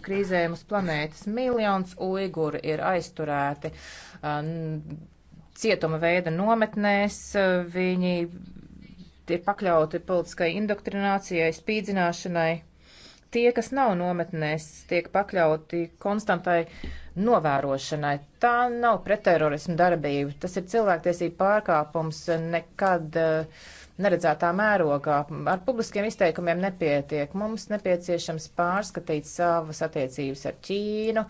krīzēm uz planētas. Miljons uiguri ir aizturēti um, cietuma veida nometnēs, uh, viņi tiek pakļauti politiskai indoktrinācijai, spīdzināšanai. Tie, kas nav nometnēs, tiek pakļauti konstantai novērošanai. Tā nav pretterorismu darbība, tas ir cilvēktiesība pārkāpums, nekad uh, neredzētā mērogā. Ar publiskiem izteikumiem nepietiek. Mums nepieciešams pārskatīt savas attiecības ar Ķīnu,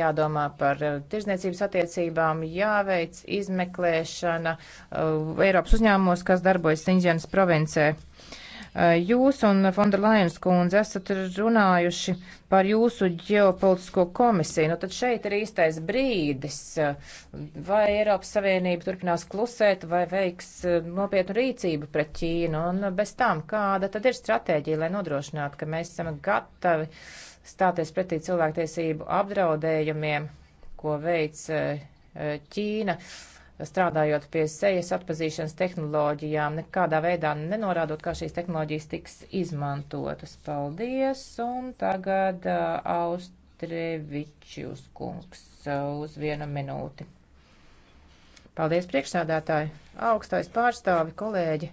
jādomā par eh, tirzniecības attiecībām, jāveic izmeklēšana eh, Eiropas uzņēmumos, kas darbojas Sinģenas provincē. Uh, Eh, jūs un Fonda Lajens kundze esat runājuši par jūsu ģeopolitisko komisiju. Nu, tad šeit ir īstais brīdis, eh, vai Eiropas Savienība turpinās klusēt, vai veiks eh, nopietnu rīcību pret Ķīnu. Un bez tām, kāda tad ir stratēģija, lai nodrošinātu, ka mēs esam gatavi stāties pretī cilvēktiesību apdraudējumiem, ko veic Ķīna. Uh, strādājot pie sejas atpazīšanas tehnoloģijām, nekādā veidā nenorādot, kā šīs tehnoloģijas tiks izmantotas. Paldies, un tagad Austrevičus kungs uz vienu minūti. Paldies, priekšsādātāji, augstais pārstāvi, kolēģi.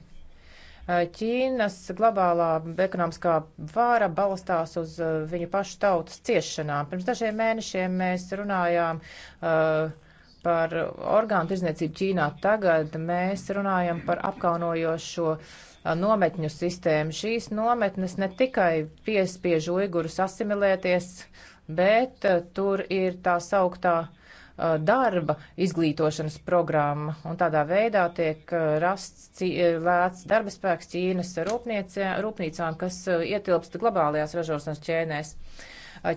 Ķīnas globālā ekonomiskā vāra balstās uz viņu pašu tautas ciešanām. Pirms dažiem mēnešiem mēs runājām uh, par orgānu tirzniecību Ķīnā tagad, mēs runājam par apkaunojošo nometņu sistēmu. Šīs nometnes ne tikai piespiež uigurus asimilēties, bet tur ir tā sauktā darba izglītošanas programma, un tādā veidā tiek rasts cī, e, lēts darbaspēks Ķīnas rūpniecām, kas ietilpst globālajās ražošanas ķēnēs. Uh,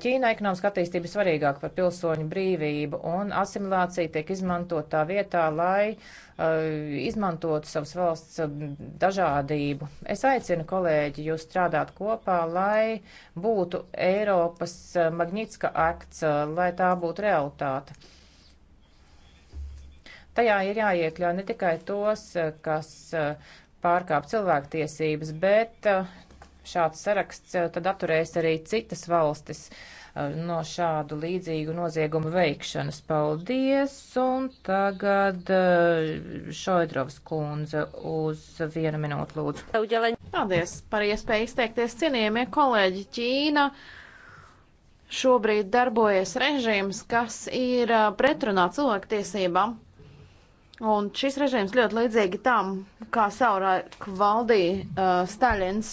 Ķīnā ekonomiska attīstība ir svarīgāka par pilsoņu brīvību, un asimilācija tiek izmantot tā vietā, lai uh, izmantotu savas valsts uh, dažādību. Es aicinu kolēģi jūs strādāt kopā, lai būtu Eiropas uh, Magnitska akts, lai tā būtu realitāte. Tajā ir jāiekļauj ne tikai tos, kas pārkāp cilvēktiesības, bet šāds saraksts eh, tad atturēs arī citas valstis eh, no šādu līdzīgu noziegumu veikšanas. Paldies! Un tagad eh, Šoidrovs kundze uz vienu minūtu lūdzu. Paldies par iespēju izteikties cienījamie kolēģi Ķīna. Šobrīd darbojas režīms, kas ir pretrunā cilvēktiesībām. Un šis režīms ļoti līdzīgi tam, kā saurāk valdīja uh, Staļins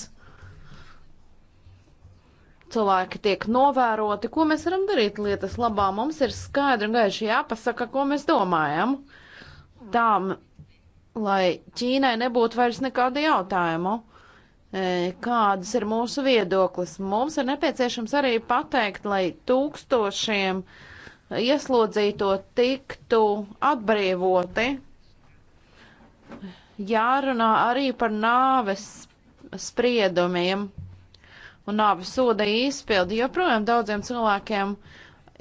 cilvēki tiek novēroti, ko mēs varam darīt lietas labā. Mums ir skaidri un gaiši jāpasaka, ko mēs domājam. Tām, lai Ķīnai nebūtu vairs nekādu jautājumu, e, kādas ir mūsu viedoklis. Mums ir nepieciešams arī pateikt, lai tūkstošiem ieslodzīto tiktu atbrīvoti. Jārunā arī par nāves spriedumiem un abi soda izpildi. Joprojām daudziem cilvēkiem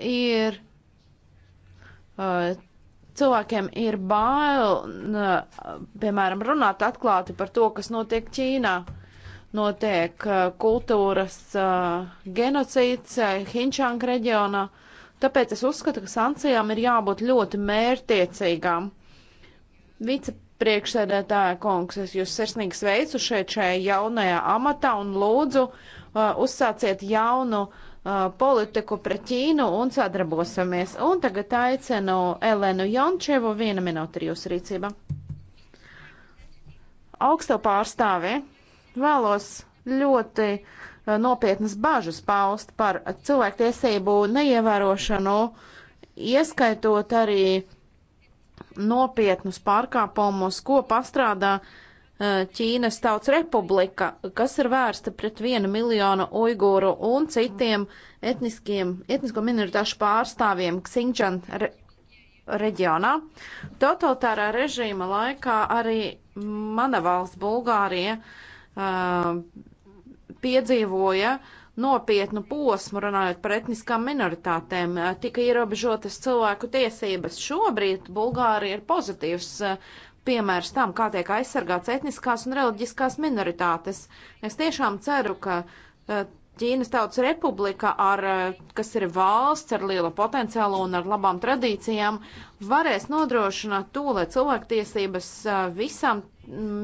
ir, uh, cilvēkiem ir bail, uh, piemēram, runāt atklāti par to, kas notiek Ķīnā. Notiek uh, kultūras uh, genocīds uh, Hinčānga reģionā, tāpēc es uzskatu, ka sankcijām ir jābūt ļoti mērtiecīgām. Vice priekšsēdētāja kungs, es jūs sirsnīgi sveicu šeit šajā jaunajā amatā un lūdzu Uh, uzsāciet jaunu uh, politiku pret Ķīnu un sadarbosimies. Un tagad aicinu Elenu Jončevu, viena minūte ir jūsu rīcība. Augsto pārstāvi vēlos ļoti uh, nopietnas bažas paust par cilvēktiesību neievērošanu, ieskaitot arī nopietnus pārkāpumus, ko pastrādā uh, Ķīnas Tautas Republika, kas ir vērsta pret vienu miljonu uiguru un citiem etniskiem, etnisko minoritāšu pārstāvjiem Xinjiang re, reģionā. Totalitārā režīma laikā arī mana valsts Bulgārija uh, piedzīvoja nopietnu posmu runājot par etniskām minoritātēm, tika ierobežotas cilvēku tiesības. Šobrīd Bulgārija ir pozitīvs uh, piemērs tam, kā tiek aizsargāts etniskās un reliģiskās minoritātes. Es tiešām ceru, ka e, Ķīnas Tautas Republika, ar, e, kas ir valsts ar lielu potenciālu un ar labām tradīcijām, varēs nodrošināt to, lai cilvēktiesības e, visām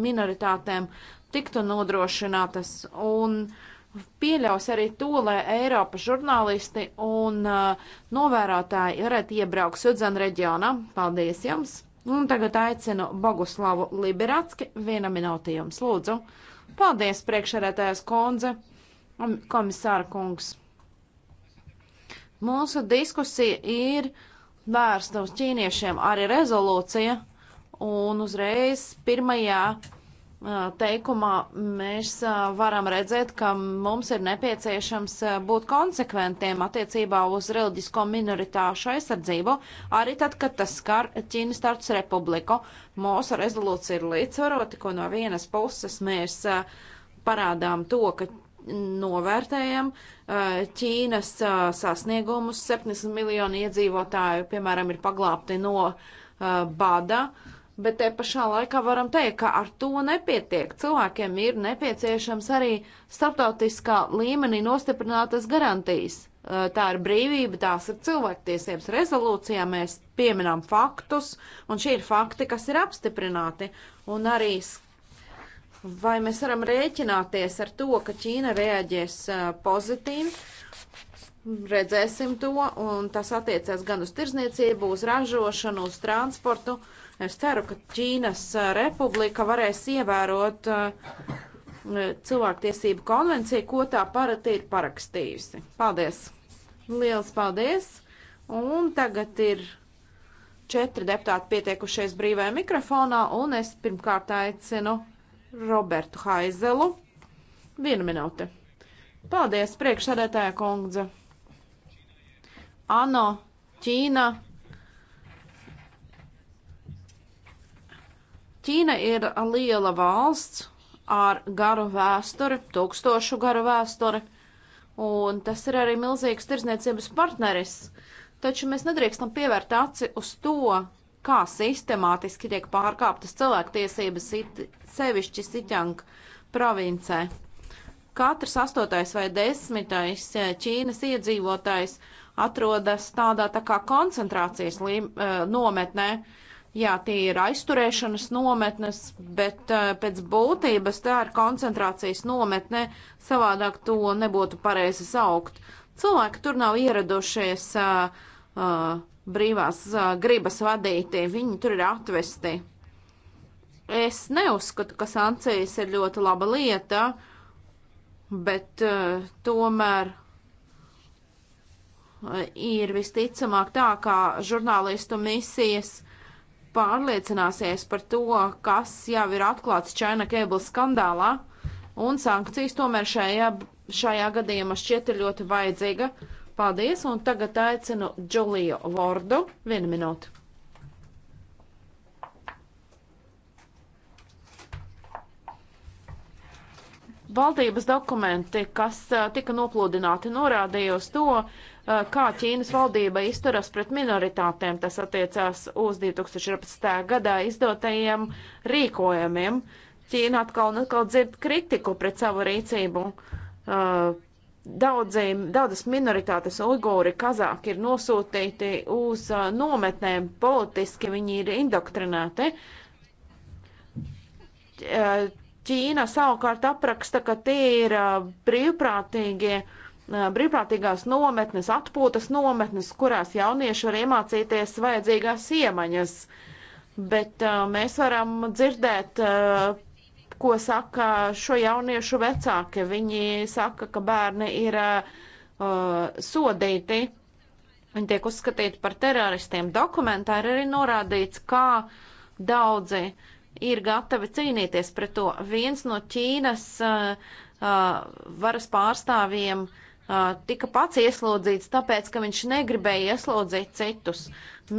minoritātēm tiktu nodrošinātas. Un pieļaus arī to, lai Eiropas žurnālisti un novērotāji varētu iebraukt Sudzana reģionā. Paldies jums! Un tagad aicinu Boguslavu Liberatski viena minūte jums lūdzu. Paldies, priekšsarētājas kundze, um, komisāra kungs. Mūsu diskusija ir vērsta uz ķīniešiem, arī rezolūcija, un uzreiz pirmajā teikumā mēs varam redzēt, ka mums ir nepieciešams būt konsekventiem attiecībā uz reliģisko minoritāšu aizsardzību, arī tad, kad tas skar Ķīnas tautas republiku. Mūsu rezolūcija ir līdzsvarota, ko no vienas puses mēs parādām to, ka novērtējam Ķīnas sasniegumus. 70 miljoni iedzīvotāju, piemēram, ir paglābti no bada. Uh, bet te pašā laikā varam teikt, ka ar to nepietiek. Cilvēkiem ir nepieciešams arī starptautiskā līmenī nostiprinātas garantijas. Tā ir brīvība, tās ir cilvēktiesības rezolūcijā, mēs pieminām faktus, un šie ir fakti, kas ir apstiprināti. Un arī vai mēs varam rēķināties ar to, ka Ķīna reaģēs pozitīvi, redzēsim to, un tas attiecās gan uz tirzniecību, uz ražošanu, uz transportu. Uh, Es ceru, ka Ķīnas republika varēs ievērot cilvēktiesību konvenciju, ko tā parati ir parakstījusi. Paldies! Liels paldies! Un tagad ir četri deputāti pietiekušies brīvajā mikrofonā, un es pirmkārt aicinu Robertu Haizelu. Vienu minūti. Paldies, priekšsēdētāja kungze. Ano, Ķīna Ķīna ir liela valsts ar garu vēsturi, tūkstošu garu vēsturi, un tas ir arī milzīgs tirzniecības partneris. Taču mēs nedrīkstam pievērt aci uz to, kā sistemātiski tiek pārkāptas cilvēktiesības it, sevišķi Siķang provincē. Katrs astotais vai desmitais eh, Ķīnas iedzīvotājs atrodas tādā tā kā koncentrācijas eh, nometnē, uh, Jā, tie ir aizturēšanas nometnes, bet uh, pēc būtības tā ir koncentrācijas nometne, savādāk to nebūtu pareizi saukt. Cilvēki tur nav ieradušies uh, uh, brīvās uh, gribas vadīti, viņi tur ir atvesti. Es neuzskatu, ka sankcijas ir ļoti laba lieta, bet uh, tomēr uh, ir visticamāk tā, kā žurnālistu misijas uh, pārliecināsies par to, kas jau ir atklāts China Cable skandālā, un sankcijas tomēr šajā, šajā gadījumā šķiet ir ļoti vajadzīga. Paldies, un tagad aicinu Džuliju Vordu. Vienu minūtu. Valdības dokumenti, kas tika noplūdināti, norādīja uz to, Uh, kā Ķīnas valdība izturas pret minoritātēm. Tas attiecās uz 2014. gadā izdotajiem rīkojumiem. Ķīna atkal un atkal dzird kritiku pret savu rīcību. Uh, daudziem, daudzas minoritātes uiguri kazāki ir nosūtīti uz uh, nometnēm, politiski viņi ir indoktrinēti. Ķīna savukārt apraksta, ka tie ir brīvprātīgie uh, brīvprātīgās nometnes, atpūtas nometnes, kurās jaunieši var iemācīties vajadzīgās iemaņas. Bet uh, mēs varam dzirdēt, uh, ko saka šo jauniešu vecāki. Viņi saka, ka bērni ir uh, sodīti, viņi tiek uzskatīti par teroristiem. Dokumentā ir arī norādīts, kā daudzi ir gatavi cīnīties pret to. Viens no Ķīnas uh, uh, varas pārstāvjiem uh, tika pats ieslodzīts, tāpēc, ka viņš negribēja ieslodzīt citus.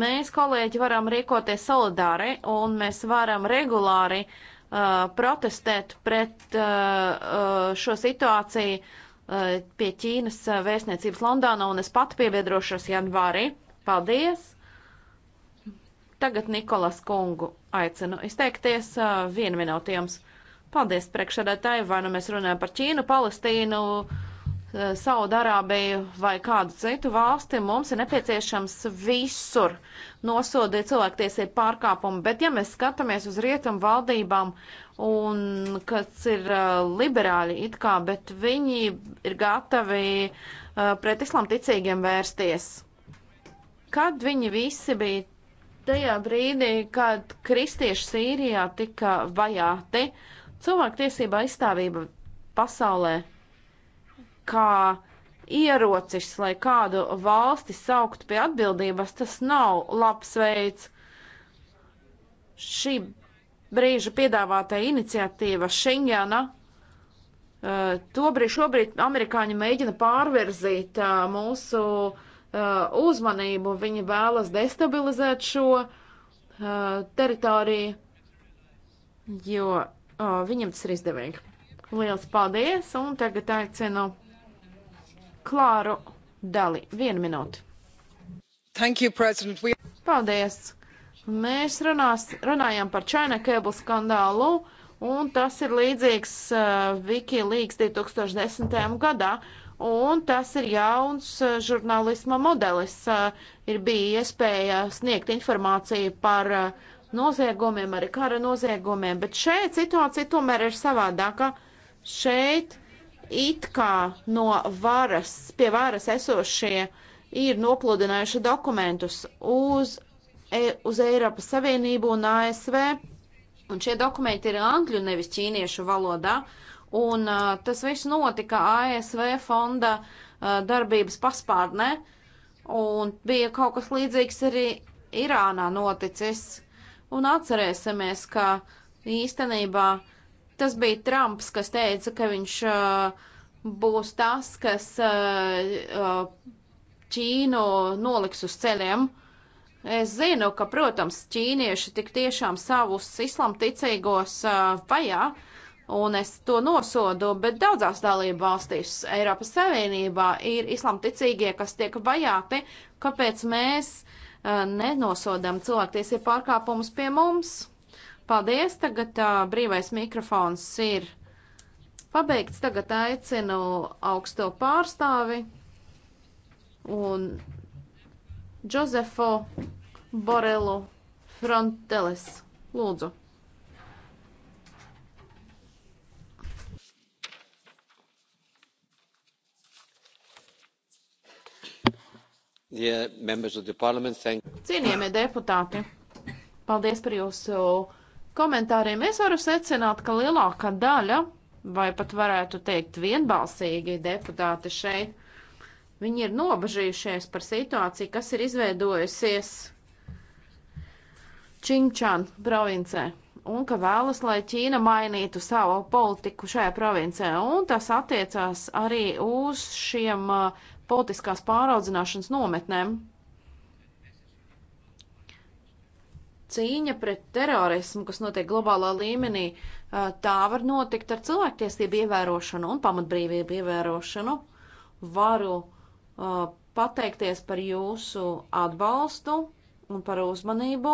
Mēs, kolēģi, varam rīkoties solidāri un mēs varam regulāri uh, protestēt pret uh, šo situāciju uh, pie Ķīnas vēstniecības Londonā, un es pat piebiedrošos janvārī. Paldies! Tagad Nikolas kungu aicinu izteikties vienu minūti jums. Paldies, priekšsēdētāji, vai nu mēs runājam par Ķīnu, Palestīnu, uh, Eh, Saudarābiju vai kādu citu valsti, mums ir nepieciešams visur nosodīt cilvēktiesību pārkāpumu. Bet, ja mēs skatāmies uz rietumu valdībām, un kas ir eh, liberāļi it kā, bet viņi ir gatavi eh, pret islām ticīgiem vērsties, kad viņi visi bija tajā brīdī, kad kristieši Sīrijā tika vajāti, cilvēktiesība aizstāvība pasaulē kā ierocis, lai kādu valsti saukt pie atbildības, tas nav labs veids. Šī brīža piedāvātā iniciatīva Šengena. Eh, Tobrīd šobrīd amerikāņi mēģina pārverzīt eh, mūsu eh, uzmanību. Viņi vēlas destabilizēt šo teritoriju, jo viņiem tas ir izdevīgi. Liels paldies, un tagad aicinu Klāru Dali. Vienu minūti. Thank you, President. We... Paldies. Mēs runās, runājam par China Cable skandālu, un tas ir līdzīgs uh, Wikileaks 2010. gadā. Un tas ir jauns uh, žurnālisma modelis. Uh, ir bija iespēja sniegt informāciju par uh, noziegumiem, arī kara noziegumiem, bet šeit situācija tomēr ir savādāka. Šeit it kā no varas, pie varas esošie ir nopludinājuši dokumentus uz, e, uz Eiropas Savienību un ASV, un šie dokumenti ir angļu, nevis ķīniešu valodā, un uh, tas viss notika ASV fonda uh, darbības paspārnē, un bija kaut kas līdzīgs arī Irānā noticis, un atcerēsimies, ka īstenībā uh, Tas bija Trumps, kas teica, ka viņš uh, būs tas, kas uh, uh, Ķīnu noliks uz ceļiem. Es zinu, ka, protams, ķīnieši tik tiešām savus islamticīgos uh, vajā, un es to nosodu, bet daudzās dalību valstīs Eiropas Savienībā ir islamticīgie, kas tiek vajāti, kāpēc mēs uh, nenosodam cilvēktiesību pārkāpumus pie mums. Paldies! Tagad uh, brīvais mikrofons ir pabeigts. Tagad aicinu augsto pārstāvi un Džozefo Borelu Fronteles. Lūdzu! Cienījamie deputāti, paldies par jūsu komentāriem es varu secināt, ka lielākā daļa, vai pat varētu teikt vienbalsīgi deputāti šeit, viņi ir nobažījušies par situāciju, kas ir izveidojusies Čingčān provincē un ka vēlas, lai Ķīna mainītu savu politiku šajā provincē. Un tas attiecās arī uz šiem uh, politiskās pāraudzināšanas nometnēm, cīņa pret terorismu, kas notiek globālā līmenī, tā var notikt ar cilvēktiesību ievērošanu un pamatbrīvību ievērošanu. Varu uh, pateikties par jūsu atbalstu un par uzmanību,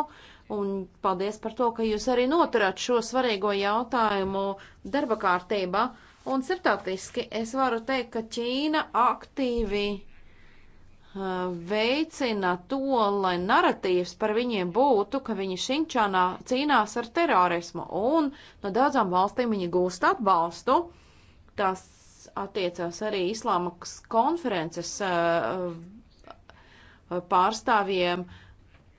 un paldies par to, ka jūs arī noturāt šo svarīgo jautājumu darba kārtībā. Un starptautiski es varu teikt, ka Ķīna aktīvi veicina to, lai narratīvs par viņiem būtu, ka viņi Šinčānā cīnās ar terorismu, un no daudzām valstīm viņi gūst atbalstu. Tas attiecās arī Islāmas konferences pārstāvjiem.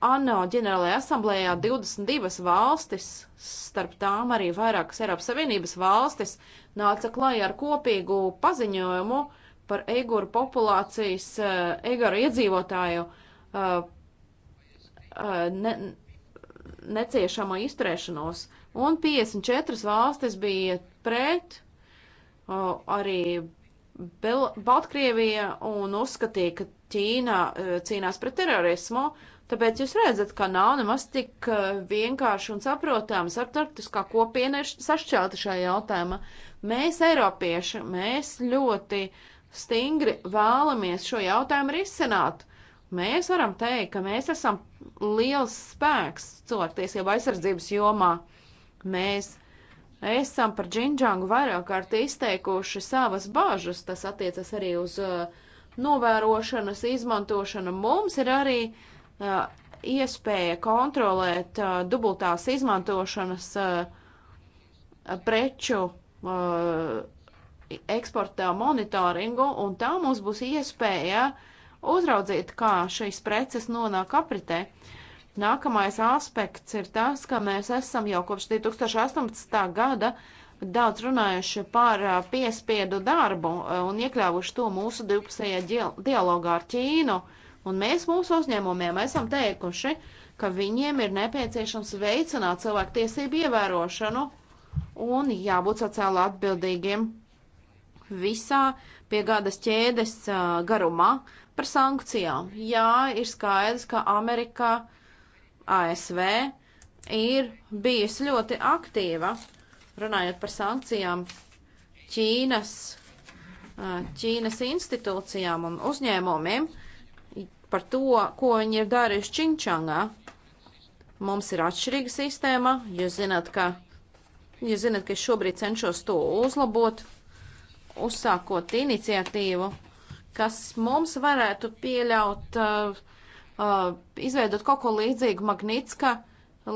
ANO ģenerālajā asamblējā 22 valstis, starp tām arī vairākas Eiropas Savienības valstis, nāca klajā ar kopīgu paziņojumu, uh, par eiguru populācijas, eh, eiguru iedzīvotāju eh, eh, ne, neciešamo izturēšanos. Un 54 valstis bija pret, arī Bel Baltkrievija, un uzskatīja, ka Ķīna cīnās pret terorismu. Tāpēc jūs redzat, ka nav nemaz tik vienkārši un saprotams ar tarptautiskā kopiena ir sašķelta šajā jautājumā. Mēs, Eiropieši, mēs ļoti uh, stingri vēlamies šo jautājumu risināt. Mēs varam teikt, ka mēs esam liels spēks cilvēktiesību aizsardzības jomā. Mēs esam par Džinģangu vairāk kārt izteikuši savas bažas, tas attiecas arī uz uh, novērošanas izmantošanu. Mums ir arī uh, iespēja kontrolēt uh, dubultās izmantošanas uh, preču uh, eksporta monitoringu, un tā mums būs iespēja uzraudzīt, kā šīs preces nonāk apritē. Nākamais aspekts ir tas, ka mēs esam jau kopš 2018. gada daudz runājuši par piespiedu darbu un iekļāvuši to mūsu divpusējā dialogā ar Ķīnu. Un mēs mūsu uzņēmumiem esam teikuši, ka viņiem ir nepieciešams veicināt cilvēku tiesību ievērošanu un jābūt sociāli atbildīgiem visā piegādas ķēdes garumā par sankcijām. Jā, ir skaidrs, ka Amerikā, ASV ir bijusi ļoti aktīva runājot par sankcijām Ķīnas, Ķīnas institūcijām un uzņēmumiem par to, ko viņi ir darījuši Činčangā. Mums ir atšķirīga sistēma, jūs zināt, ka, jūs zināt, ka es šobrīd cenšos to uzlabot, uzsākot iniciatīvu, kas mums varētu pieļaut, uh, uh, izveidot kaut ko līdzīgu Magnitska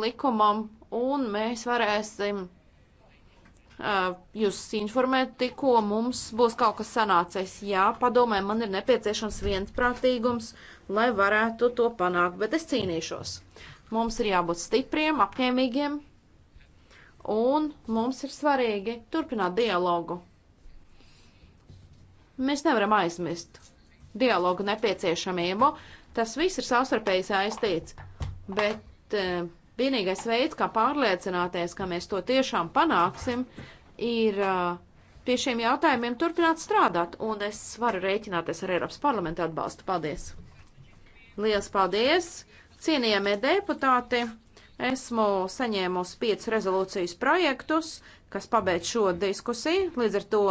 likumam, un mēs varēsim uh, jūs informēt tikko mums būs kaut kas sanācis. Jā, padomē, man ir nepieciešams viensprātīgums, lai varētu to panākt, bet es cīnīšos. Mums ir jābūt stipriem, apņēmīgiem, un mums ir svarīgi turpināt dialogu Mēs nevaram aizmirst dialogu nepieciešamību. Tas viss ir savstarpēji saistīts, bet uh, vienīgais veids, kā pārliecināties, ka mēs to tiešām panāksim, ir uh, pie šiem jautājumiem turpināt strādāt, un es varu rēķināties ar Eiropas parlamentu atbalstu. Paldies! Lielas paldies! Cienījamie deputāti! Esmu saņēmusi piecas rezolūcijas projektus, kas pabeidz šo diskusiju, līdz ar to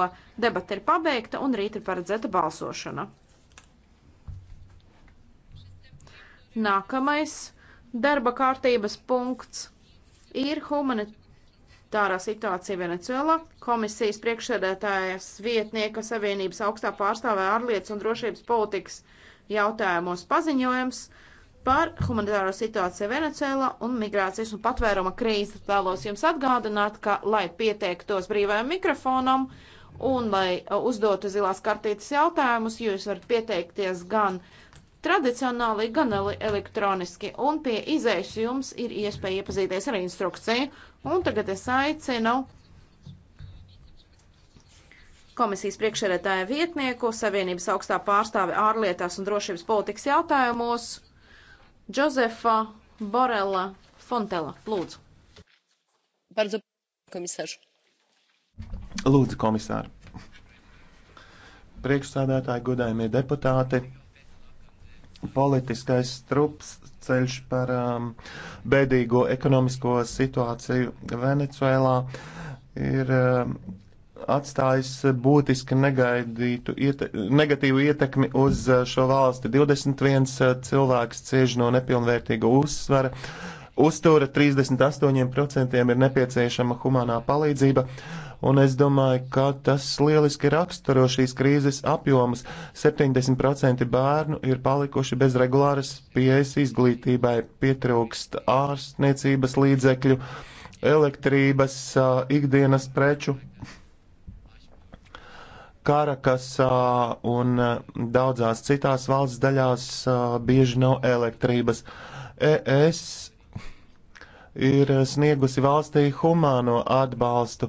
debata ir pabeigta un rīt ir paredzēta balsošana. Nākamais darba kārtības punkts ir humanitārs humanitārā situācija Venecuēlā. Komisijas priekšsēdētājas vietnieka Savienības augstā pārstāvē ārlietas un drošības politikas jautājumos paziņojums par humanitāro situāciju Venecijā un migrācijas un patvēruma krīzi. Vēlos jums atgādināt, ka, lai pieteiktos brīvajam mikrofonam un lai uh, uzdotu zilās kartītes jautājumus, jūs varat pieteikties gan tradicionāli, gan elektroniski. Un pie izējas jums ir iespēja iepazīties ar instrukciju. Un tagad es aicinu komisijas priekšsēdētāja vietnieku, Savienības augstā pārstāve ārlietās un drošības politikas jautājumos Džozefa Borela Fontela. Lūdzu. Bardzo, komisārs. Lūdzu, komisāri. Priekšsādātāji, godājumie deputāti, politiskais strups ceļš par um, bēdīgo ekonomisko situāciju Venecuēlā ir um, atstājis būtiski negaidītu, iete, negatīvu ietekmi uz eh, šo valsti. 21 eh, cilvēks cieš no nepilnvērtīga uzsvara, uztura 38% ir nepieciešama humanā palīdzība. Un es domāju, ka tas lieliski raksturo šīs krīzes apjomus. 70% bērnu ir palikuši bez regulāras pieejas izglītībai, pietrūkst ārstniecības līdzekļu, elektrības, eh, ikdienas preču Karakasā un daudzās citās valsts daļās bieži nav elektrības. ES ir sniegusi valstī humāno atbalstu.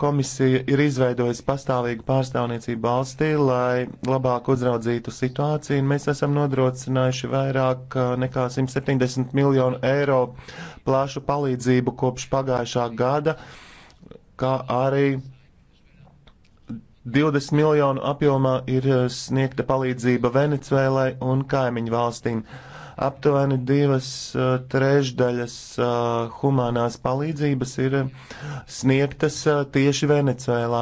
Komisija ir izveidojusi pastāvīgu pārstāvniecību valstī, lai labāk uzraudzītu situāciju, un mēs esam nodrocinājuši vairāk nekā 170 miljonu eiro plāšu palīdzību kopš pagājušā gada, kā arī 20 miljonu apjomā ir eh, sniegta palīdzība Venecuēlai un kaimiņu valstīm. Aptuveni divas uh, trešdaļas uh, humanās palīdzības ir sniegtas uh, tieši Venecuēlā.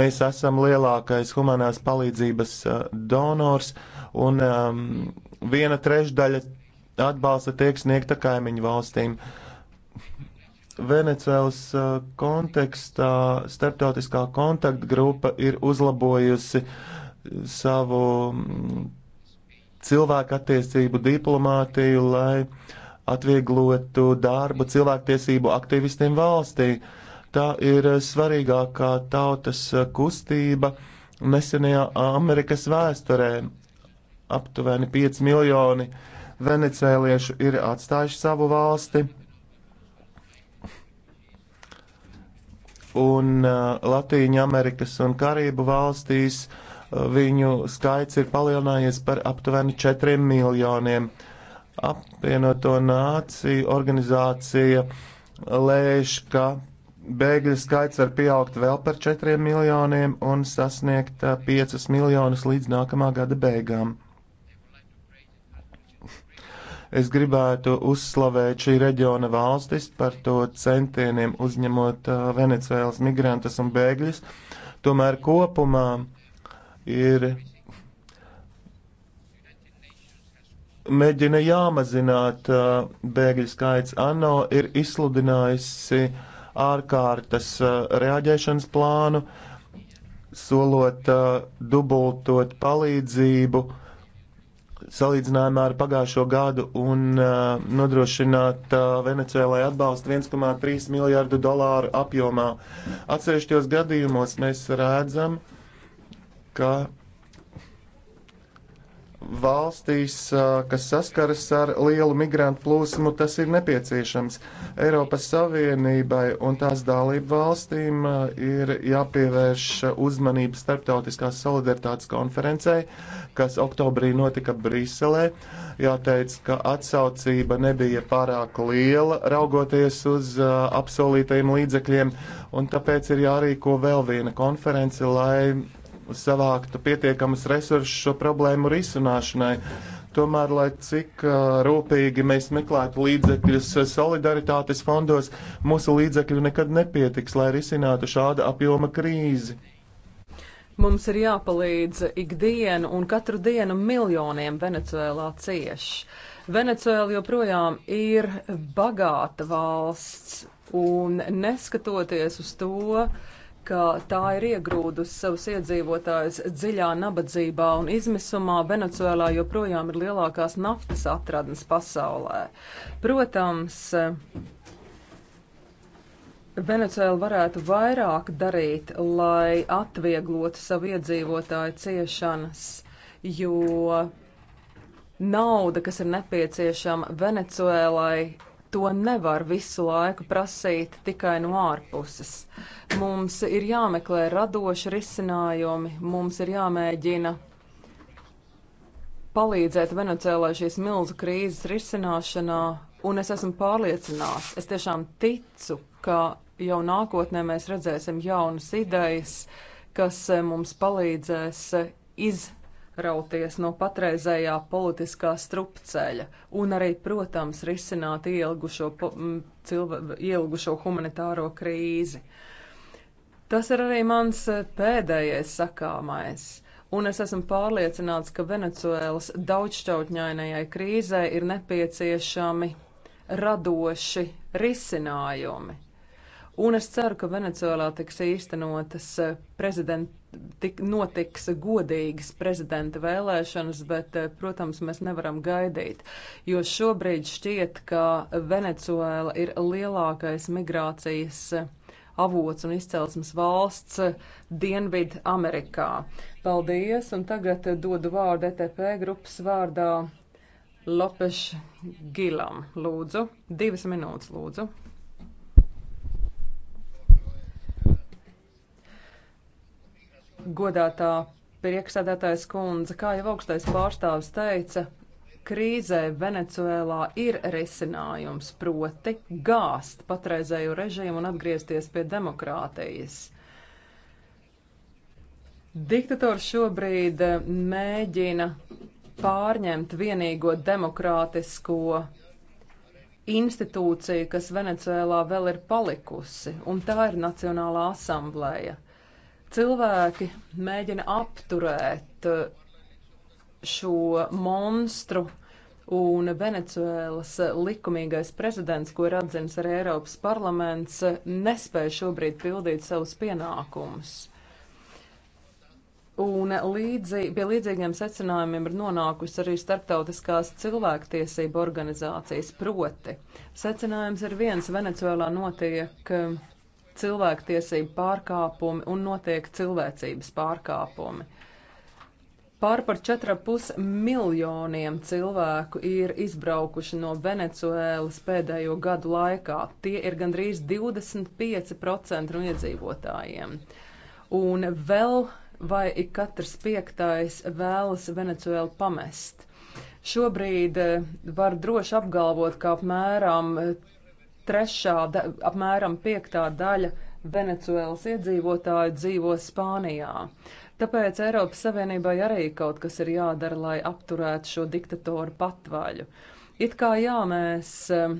Mēs esam lielākais humanās palīdzības uh, donors un um, viena trešdaļa atbalsta tiek sniegta kaimiņu valstīm. Uh, Venecēlas kontekstā starptautiskā kontaktgrupa ir uzlabojusi savu cilvēku attiecību diplomātiju, lai atvieglotu darbu cilvēktiesību aktivistiem valstī. Tā ir svarīgākā tautas kustība nesenajā Amerikas vēsturē. Aptuveni 5 miljoni venecēliešu ir atstājuši savu valsti un uh, Latīņa Amerikas un Karību valstīs uh, viņu skaits ir palielinājies par aptuveni 4 miljoniem. Apvienoto nāciju organizācija lēš, ka bēgļu skaits var pieaugt vēl par 4 miljoniem un sasniegt 5 uh, miljonus līdz nākamā gada beigām. Es gribētu uzslavēt šī reģiona valstis par to centieniem uzņemot uh, Venecuēlas migrantus un bēgļus. Tomēr kopumā ir mēģina jāmazināt uh, bēgļu skaits. ANO ir izsludinājusi ārkārtas uh, reaģēšanas plānu, solot dubultot palīdzību salīdzinājumā ar pagājušo gadu un uh, nodrošināt uh, Venecijai atbalstu 1,3 miljārdu dolāru apjomā. Atsevišķos gadījumos mēs redzam, ka valstīs, kas saskaras ar lielu migrantu plūsmu, tas ir nepieciešams. Eiropas Savienībai un tās dalību valstīm ir jāpievērš uzmanība starptautiskās solidaritātes konferencē, kas oktobrī notika Briselē. Jāteic, ka atsaucība nebija pārāk liela, raugoties uz apsolītajiem līdzekļiem, un tāpēc ir jārīko vēl viena konference, lai savāktu pietiekamas resursus šo problēmu risināšanai. Tomēr, lai cik uh, rūpīgi mēs meklētu līdzekļus solidaritātes fondos, mūsu līdzekļu nekad nepietiks, lai risinātu šāda apjoma krīzi. Mums ir jāpalīdz ikdienu un katru dienu miljoniem Venecuēlā cieši. Venecuēla joprojām ir bagāta valsts un neskatoties uz to, uh, ka tā ir iegrūdusi savus iedzīvotājus dziļā nabadzībā un izmisumā. Venecuēlā joprojām ir lielākās naftas atradnes pasaulē. Protams, Venecuēla varētu vairāk darīt, lai atvieglotu savu iedzīvotāju ciešanas, jo nauda, kas ir nepieciešama Venecuēlai, to nevar visu laiku prasīt tikai no ārpuses. Mums ir jāmeklē radoši risinājumi, mums ir jāmēģina palīdzēt Venecēlai šīs milzu krīzes risināšanā, un es esmu pārliecināts, es tiešām ticu, ka jau nākotnē mēs redzēsim jaunas idejas, kas mums palīdzēs iz rauties no patreizējā politiskā strupceļa un arī, protams, risināt ielgušo, cilva, ielgušo humanitāro krīzi. Tas ir arī mans eh, pēdējais sakāmais. Un es esmu pārliecināts, ka Venecuēlas daudzšķautņainajai krīzē ir nepieciešami radoši risinājumi. Un es ceru, ka Venecijolā tiks īstenotas prezidenta, tik notiks godīgas prezidenta vēlēšanas, bet, eh, protams, mēs nevaram gaidīt, jo šobrīd šķiet, ka Venecijolā ir lielākais migrācijas avots un izcelsmes valsts Dienvidu Amerikā. Paldies, un tagad dodu vārdu ETP grupas vārdā Lopešu Gilam. Lūdzu, divas minūtes, lūdzu. Godātā priekšsēdētājs kundze, kā jau augstais pārstāvis teica, krīzē Venecuēlā ir risinājums, proti gāzt patreizējo režīmu un atgriezties pie demokrātijas. Diktators šobrīd eh, mēģina pārņemt vienīgo demokrātisko institūciju, kas Venecuēlā vēl ir palikusi, un tā ir Nacionālā asambleja. Cilvēki mēģina apturēt uh, šo monstru, un Venecuēlas likumīgais prezidents, ko ir atzinis arī Eiropas parlaments, nespēja šobrīd pildīt savus pienākumus. Un līdzi, pie līdzīgiem secinājumiem ir nonākusi arī starptautiskās cilvēktiesība organizācijas proti. Secinājums ir viens, Venecuēlā notiek uh, cilvēktiesību pārkāpumi un notiek cilvēcības pārkāpumi. Pār par 4,5 miljoniem cilvēku ir izbraukuši no Venecuēlas pēdējo gadu laikā. Tie ir gandrīz 25% no iedzīvotājiem. Un vēl vai ik katrs piektais vēlas Venecuēlu pamest. Šobrīd eh, var droši apgalvot, ka apmēram trešā, da, apmēram piektā daļa Venecuēlas iedzīvotāju dzīvo Spānijā. Tāpēc Eiropas Savienībai arī kaut kas ir jādara, lai apturētu šo diktatoru patvaļu. It kā jā, mēs eh,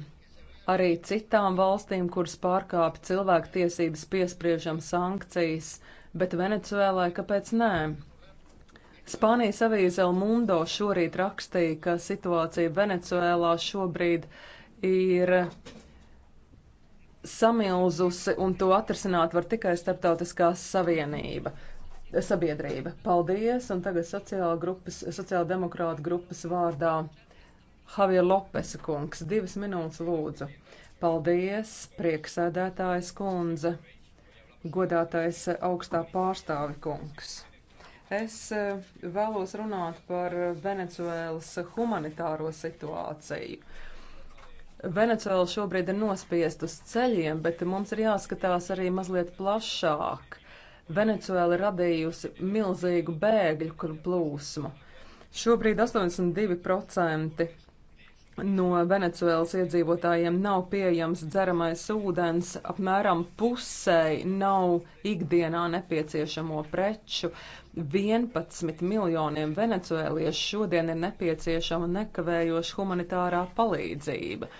arī citām valstīm, kuras pārkāpj cilvēktiesības, piespriežam sankcijas, bet Venecuēlai kāpēc nē? Spānijas avīze El Mundo šorīt rakstīja, ka situācija Venecuēlā šobrīd ir samilzusi, un to atrisināt var tikai starptautiskā savienība. Sabiedrība. Paldies, un tagad sociāla grupas, sociāla demokrāta grupas vārdā Javier Lopesa kungs. Divas minūtes lūdzu. Paldies, prieksēdētājs kundze, godātais eh, augstā pārstāvi kungs. Es eh, vēlos runāt par Venecuēlas humanitāro situāciju Venecuēla šobrīd ir nospiest uz ceļiem, bet mums ir jāskatās arī mazliet plašāk. Venecuēla radījusi milzīgu bēgļu plūsmu. Šobrīd 82% no Venecuēlas iedzīvotājiem nav pieejams dzeramais ūdens, apmēram pusēji nav ikdienā nepieciešamo preču. 11 miljoniem venecuēliešu šodien ir nepieciešama nekavējoša humanitārā palīdzība.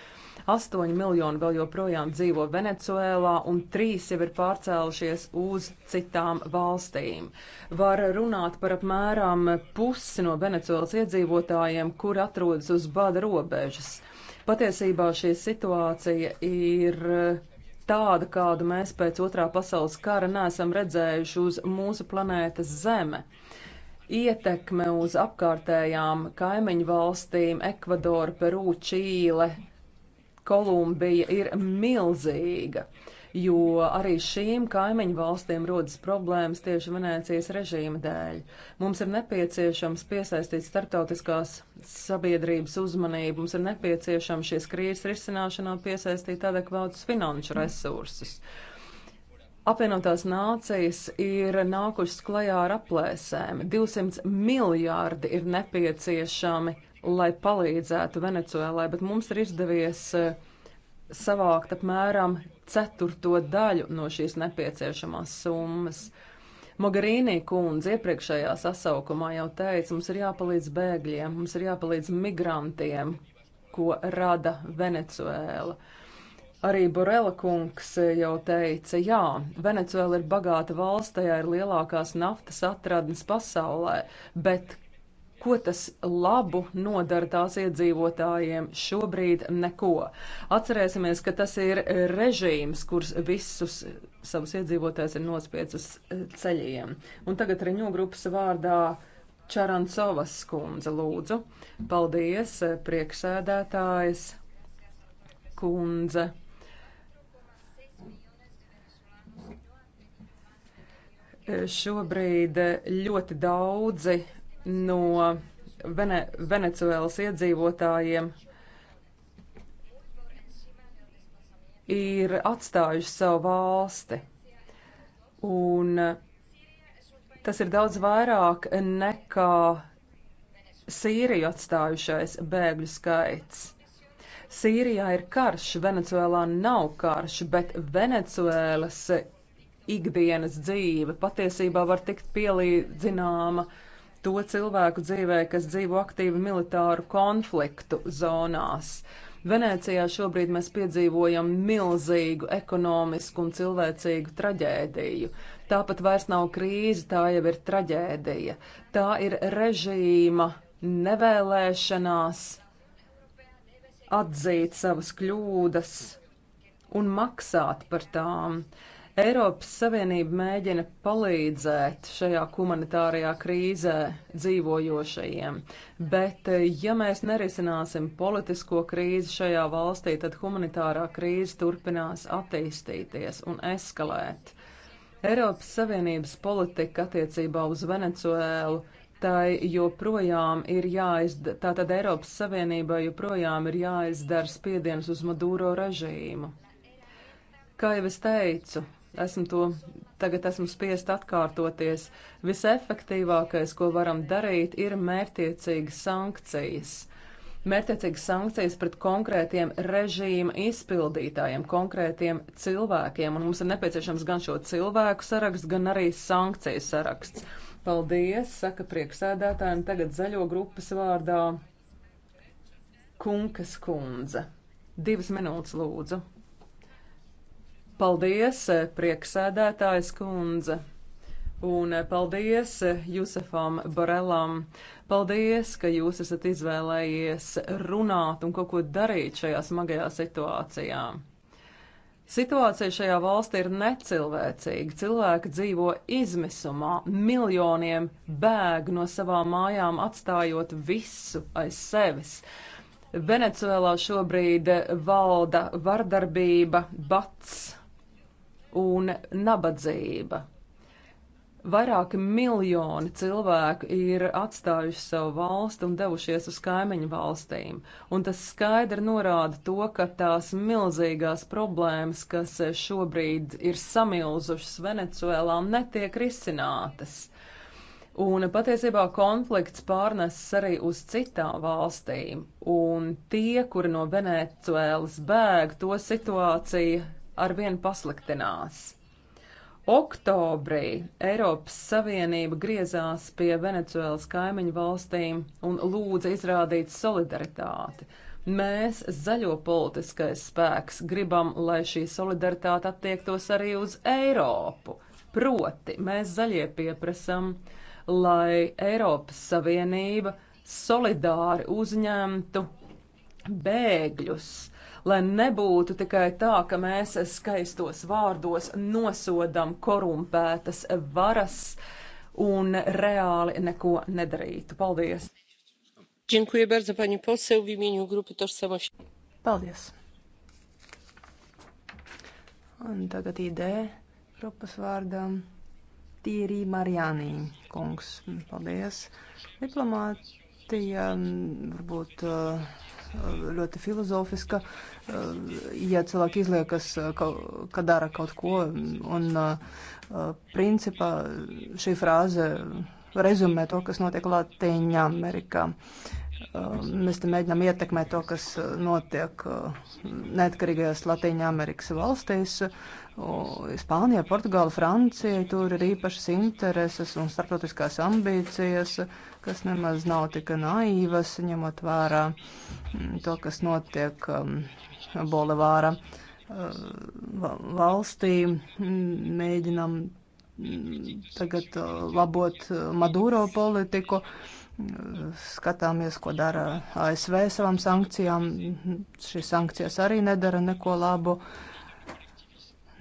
8 miljoni vēl joprojām dzīvo Venecuēlā un 3 jau ir pārcēlušies uz citām valstīm. Var runāt par apmēram pusi no Venecuēlas iedzīvotājiem, kur atrodas uz bada robežas. Patiesībā šī situācija ir tāda, kādu mēs pēc otrā pasaules kara neesam redzējuši uz mūsu planētas Zeme. Ietekme uz apkārtējām kaimiņu valstīm - Ekvadora, Peru, Čīle, Kolumbija ir milzīga, jo arī šīm kaimiņu valstīm rodas problēmas tieši Venēcijas režīma dēļ. Mums ir nepieciešams piesaistīt starptautiskās sabiedrības uzmanību, mums ir nepieciešams šīs krīzes risināšanā piesaistīt adekvātus finanšu resursus. Apvienotās nācijas ir nākušas klajā ar aplēsēm. 200 miljārdi ir nepieciešami, lai palīdzētu Venecuēlai, bet mums ir izdevies eh, savākt apmēram ceturto daļu no šīs nepieciešamās summas. Mogherīnī kundze iepriekšējā sasaukumā jau teica, mums ir jāpalīdz bēgļiem, mums ir jāpalīdz migrantiem, ko rada Venecuēla. Arī Borela kungs jau teica, jā, Venecuēla ir bagāta valsts, tajā ir lielākās naftas atradnes pasaulē, bet ko tas labu nodara tās iedzīvotājiem, šobrīd neko. Atcerēsimies, ka tas ir režīms, kurš visus savus iedzīvotājus ir nospiedz uz eh, ceļiem. Un tagad riņo grupas vārdā Čarancovas skundze lūdzu. Paldies, eh, priekšsēdētājas kundze. Eh, šobrīd ļoti daudzi no Vene Venecuēlas iedzīvotājiem ir atstājuši savu valsti. Un tas ir daudz vairāk nekā Sīriju atstājušais bēgļu skaits. Sīrijā ir karš, Venecuēlā nav karš, bet Venecuēlas ikdienas dzīve patiesībā var tikt pielīdzināma uh, to cilvēku dzīvē, kas dzīvo aktīvi militāru konfliktu zonās. Venecijā šobrīd mēs piedzīvojam milzīgu ekonomisku un cilvēcīgu traģēdiju. Tāpat vairs nav krīze, tā jau ir traģēdija. Tā ir režīma nevēlēšanās atzīt savas kļūdas un maksāt par tām. Uh, Eiropas Savienība mēģina palīdzēt šajā humanitārajā krīzē dzīvojošajiem, bet eh, ja mēs nerisināsim politisko krīzi šajā valstī, tad humanitārā krīze turpinās attīstīties un eskalēt. Eiropas Savienības politika attiecībā uz Venecuēlu tai joprojām ir jāizdara, tātad Eiropas Savienībai joprojām ir jāizdara spiediens uz Maduro režīmu. Kā jau es teicu, esmu to tagad esmu spiest atkārtoties. Visefektīvākais, ko varam darīt, ir mērtiecīgas sankcijas. Mērķiecīgas sankcijas pret konkrētiem režīma izpildītājiem, konkrētiem cilvēkiem, un mums ir nepieciešams gan šo cilvēku saraksts, gan arī sankciju saraksts. Paldies, saka prieksēdētājiem tagad zaļo grupas vārdā Kunkas kundze. Divas minūtes lūdzu. Paldies, eh, prieksēdētājs kundze! Un eh, paldies eh, Jusefam Borelam! Paldies, ka jūs esat izvēlējies runāt un kaut ko darīt šajā smagajā situācijā. Situācija šajā valstī ir necilvēcīga. Cilvēki dzīvo izmisumā, miljoniem bēg no savām mājām, atstājot visu aiz sevis. Venecuēlā šobrīd valda vardarbība, bats un nabadzība. Vairāki miljoni cilvēku ir atstājuši savu valstu un devušies uz kaimiņu valstīm, un tas skaidri norāda to, ka tās milzīgās problēmas, kas šobrīd ir samilzušas Venecuēlā, netiek risinātas. Un patiesībā konflikts pārneses arī uz citām valstīm, un tie, kuri no Venecuēlas bēg, to situācija arvien pasliktinās. Oktobrī Eiropas Savienība griezās pie Venecuēlas kaimiņu valstīm un lūdza izrādīt solidaritāti. Mēs, zaļo politiskais spēks, gribam, lai šī solidaritāte attiektos arī uz Eiropu. Proti, mēs zaļie pieprasam, lai Eiropas Savienība solidāri uzņemtu bēgļus, lai nebūtu tikai tā, ka mēs skaistos vārdos nosodam korumpētas varas un reāli neko nedarītu. Paldies! Dziękuję bardzo pani poseł w imieniu grupy Tożsamość. Paldies. Un tagad ideja grupas vārdam Tīrī Marjānī kungs. Paldies. Diplomātija mm, varbūt uh, Eh, ļoti filozofiska. Eh, ja cilvēki izliekas, eh, ka, ka dara kaut ko, un principā šī frāze rezumē to, kas notiek Latīņā Amerikā. Mēs te mēģinām ietekmēt to, kas notiek neatkarīgajās Latīņā Amerikas valstīs. Spānija, Portugāla, Francija, tur ir īpašas intereses un starptautiskās ambīcijas. Uh, kas nemaz nav tik naīvas, ņemot vērā mm, to, kas notiek um, Bolivāra uh, valstī. Mm, mēģinam mm, tagad uh, labot uh, Maduro politiku, skatāmies, ko dara ASV savām sankcijām. Šīs sankcijas arī nedara neko labu.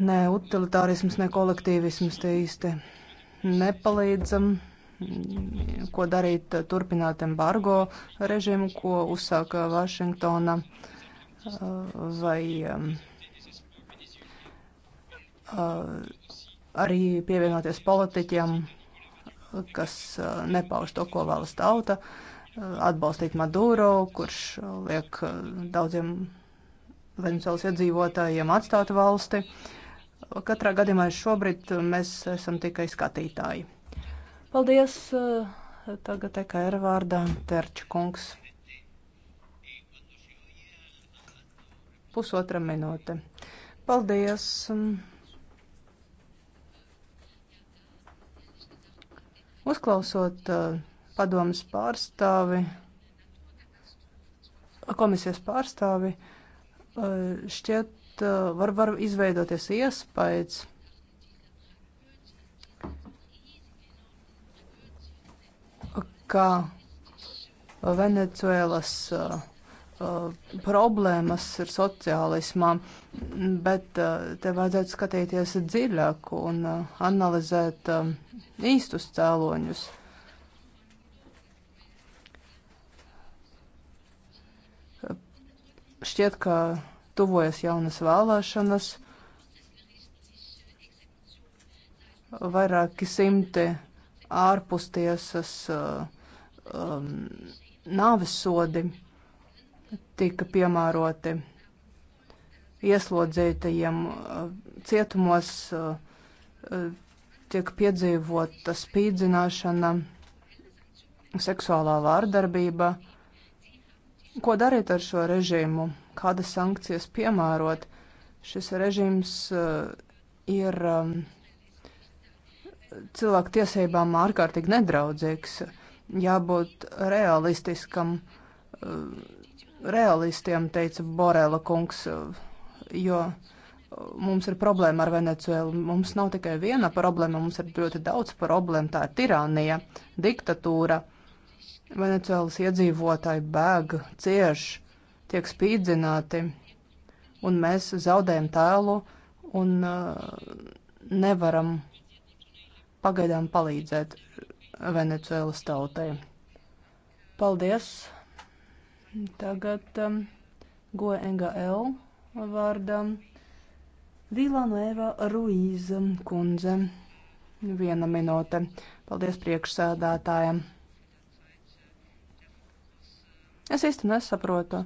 Ne utilitārisms, ne kolektīvisms te īsti nepalīdzam ko darīt turpināt embargo režīmu, ko uzsāka Vašingtona, vai um, uh, arī pievienoties politiķiem, kas uh, nepauž to, ko vēlas tauta, uh, atbalstīt Maduro, kurš liek daudziem Venecuēlas iedzīvotājiem atstāt valsti. Katrā gadījumā šobrīd mēs esam tikai skatītāji. Paldies! Eh, tagad EKR vārdā Terčkungs. Pusotra minūte. Paldies! Uzklausot eh, padomas pārstāvi, komisijas pārstāvi, eh, šķiet var, var izveidoties iespējas, ka Venecuēlas uh, uh, problēmas ir sociālismā, bet uh, te vajadzētu skatīties dziļāk un analizēt um, īstus cēloņus. Šķiet, ka tuvojas jaunas vēlēšanas. Vairāki simti ārpustiesas uh, um, nāves sodi tika piemēroti ieslodzītajiem uh, cietumos, uh, uh, tiek piedzīvota spīdzināšana, seksuālā vārdarbība. Ko darīt ar šo režīmu? Kādas sankcijas piemērot? Šis režīms ir um, cilvēku tiesībām ārkārtīgi nedraudzīgs jābūt realistiskam, eh, realistiem, teica Borela kungs, eh, jo eh, mums ir problēma ar Venecuēlu. Mums nav tikai viena problēma, mums ir ļoti daudz problēmu. Tā ir tirānija, diktatūra. Venecuēlas iedzīvotāji bēg, cieš, tiek spīdzināti, un mēs zaudējam tēlu un uh, nevaram pagaidām palīdzēt Venecuēlas tautai. Paldies! Tagad um, GoNGL vārdam Vilanueva Ruīza kundze. Viena minūte. Paldies priekšsēdētājiem. Es īsti nesaprotu,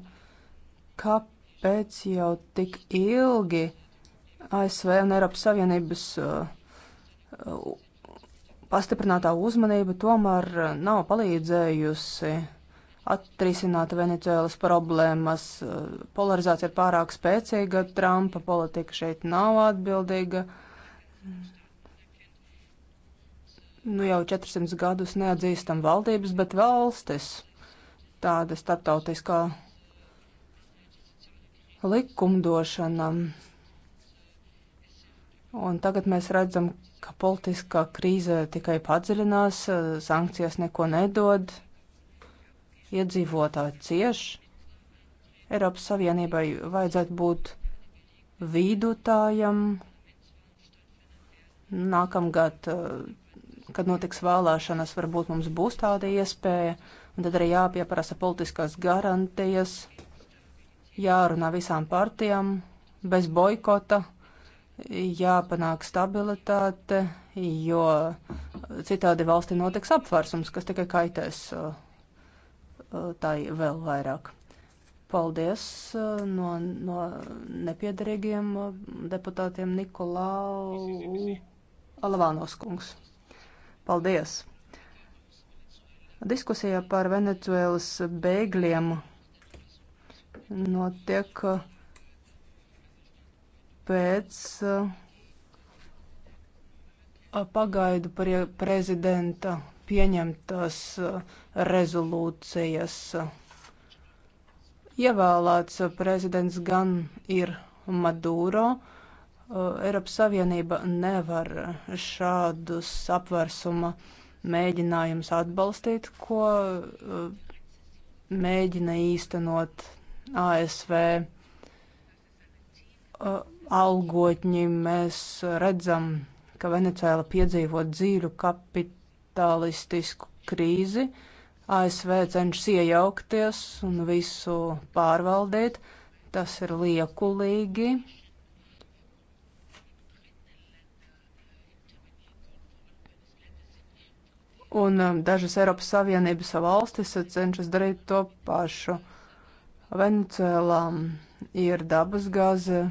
kāpēc jau tik ilgi ASV un Eiropas Savienības uh, uh, pastiprinātā uzmanība tomēr eh, nav palīdzējusi atrisināt Venecuēlas problēmas. Eh, polarizācija ir pārāk spēcīga, Trumpa politika šeit nav atbildīga. Nu, jau 400 gadus neatzīstam valdības, bet valstis tāda starptautiskā likumdošana. Un tagad mēs redzam, ka politiskā krīze tikai padziļinās, eh, sankcijas neko nedod, iedzīvotāji cieš. Eiropas Savienībai vajadzētu būt vidutājam. Nākamgad, eh, kad notiks vēlēšanas, varbūt mums būs tāda iespēja, un tad arī jāpieprasa politiskās garantijas, jārunā visām partijām, bez boikota jāpanāk stabilitāte, jo citādi valstī notiks apvērsums, kas tikai kaitēs uh, uh, tai vēl vairāk. Paldies uh, no, no nepiedarīgiem deputātiem Nikolau Alavānos kungs. Paldies! Diskusija par Venecuēlas bēgļiem notiek. Uh, pēc uh, pagaidu prie prezidenta pieņemtas uh, rezolūcijas. Ievēlēts uh, prezidents gan ir Maduro. Eiropas Savienība nevar šādus apvērsuma mēģinājumus atbalstīt, ko mēģina īstenot ASV. Uh, algotņi, mēs redzam, ka Venecēla piedzīvo dzīvu kapitalistisku krīzi. ASV cenšas iejaukties un visu pārvaldīt. Tas ir liekulīgi. Un um, dažas Eiropas Savienības valstis cenšas darīt to pašu. Venecijā um, ir dabasgāze,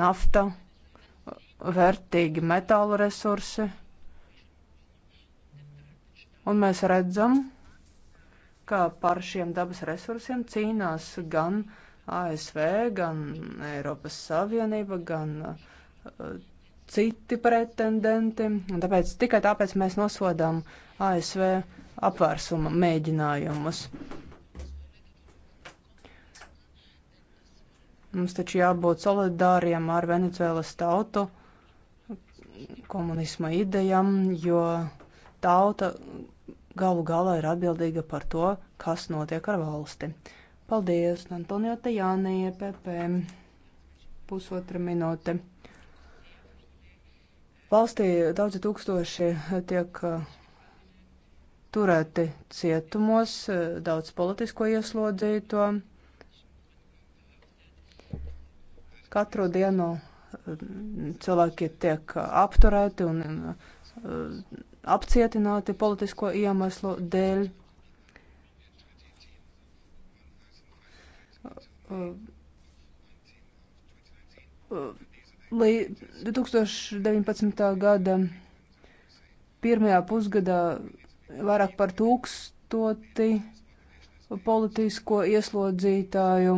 nafta, vērtīgi metāla resursi. Un mēs redzam, ka par šiem dabas resursiem cīnās gan ASV, gan Eiropas Savienība, gan uh, citi pretendenti. Un tāpēc tikai tāpēc mēs nosodām ASV apvērsuma mēģinājumus. Mums taču jābūt solidāriem ar Venecuēlas tautu, komunisma idejām, jo tauta galu galā ir atbildīga par to, kas notiek ar valsti. Paldies, Antonio Tajānie, PP, pusotra minūte. Valstī daudzi tūkstoši tiek uh, turēti cietumos, uh, daudz politisko ieslodzīto. Katru dienu mm, cilvēki tiek apturēti un mm, apcietināti politisko iemeslu dēļ. Lai 2019. gada pirmajā pusgadā vairāk par tūkstoti politisko ieslodzītāju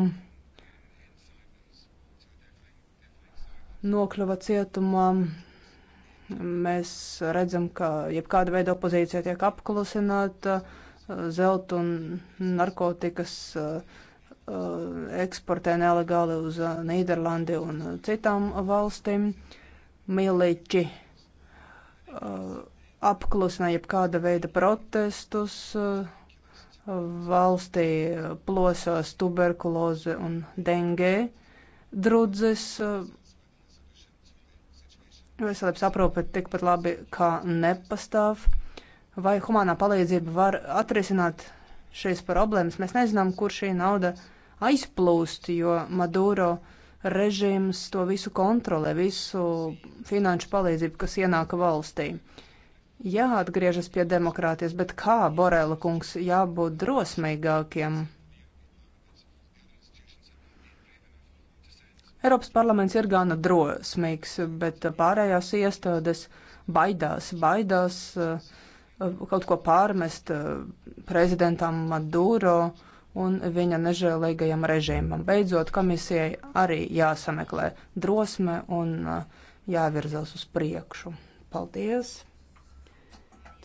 nokļuva cietumā. Mēs redzam, ka jebkāda veida opozīcija tiek apklusināta, zelta un narkotikas uh, uh, eksportē nelegāli uz uh, Nīderlandi un citām valstīm. Miliķi apklusina jebkāda veida protestus, valstī plosās tuberkuloze un dengē drudzes veselības aprūpe tikpat labi kā nepastāv. Vai humanā palīdzība var atrisināt šīs problēmas? Mēs nezinām, kur šī nauda aizplūst, jo Maduro režīms to visu kontrolē, visu finanšu palīdzību, kas ienāk valstī. Jāatgriežas pie demokrātijas, bet kā, Borela kungs, jābūt drosmīgākiem? Eiropas parlaments ir gana drosmīgs, bet pārējās iestādes baidās, baidās uh, kaut ko pārmest uh, prezidentam Maduro un viņa nežēlīgajam režīmam. Beidzot, komisijai arī jāsameklē drosme un uh, jāvirzās uz priekšu. Paldies!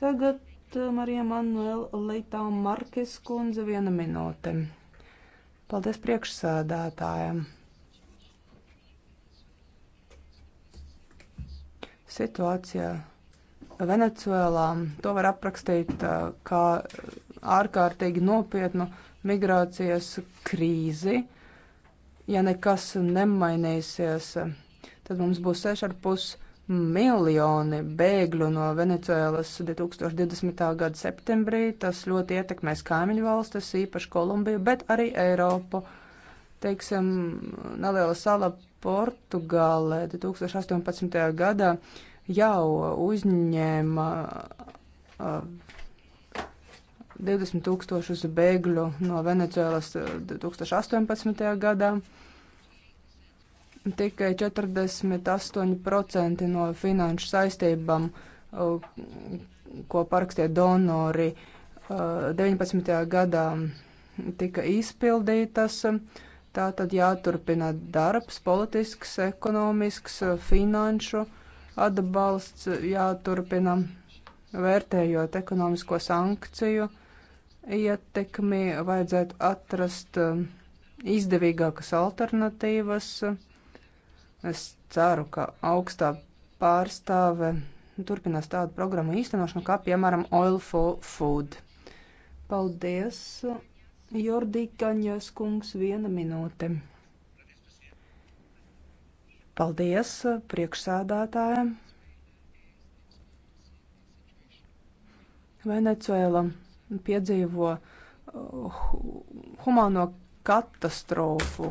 Tagad Marija Manuela Leitā Markes kundze viena minūte. Paldies priekšsēdētājiem! Situācija Venecuēlā to var aprakstīt uh, kā uh, ārkārtīgi nopietnu migrācijas krīzi. Ja nekas nemainīsies, tad mums būs 6,5 miljoni bēgļu no Venecuēlas 2020. gada septembrī. Tas ļoti ietekmēs kaimiņu valstis, īpaši Kolumbiju, bet arī Eiropu. Teiksim, neliela sala Portugālē 2018. gadā jau uzņēma 20 tūkstošus bēgļu no Venecuēlas 2018. gadā. Tikai 48% no finanšu saistībām, ko parakstīja donori 19. gadā, tika izpildītas. Uh, Tā tad jāturpina darbs, politisks, ekonomisks, finanšu atbalsts, jāturpina vērtējot ekonomisko sankciju ietekmi, vajadzētu atrast um, izdevīgākas alternatīvas. Es ceru, ka augstā pārstāve turpinās tādu programmu īstenošanu, kā piemēram Oil for Food. Paldies! Jordi Kaņas kungs, viena minūte. Paldies, priekšsādātāja. Venecuēla piedzīvo uh, humāno katastrofu.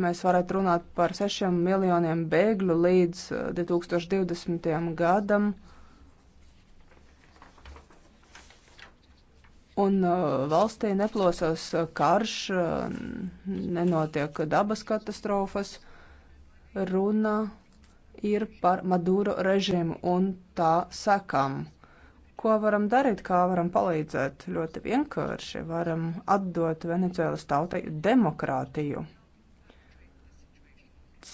Mēs varētu runāt par sešiem miljoniem bēgļu līdz 2020. Uh, gadam. Un uh, valstī neplosās uh, karš, uh, nenotiek dabas katastrofas. Runa ir par Maduro režīmu un tā sekām. Ko varam darīt, kā varam palīdzēt? Ļoti vienkārši varam atdot Venecuēlas tautai demokrātiju.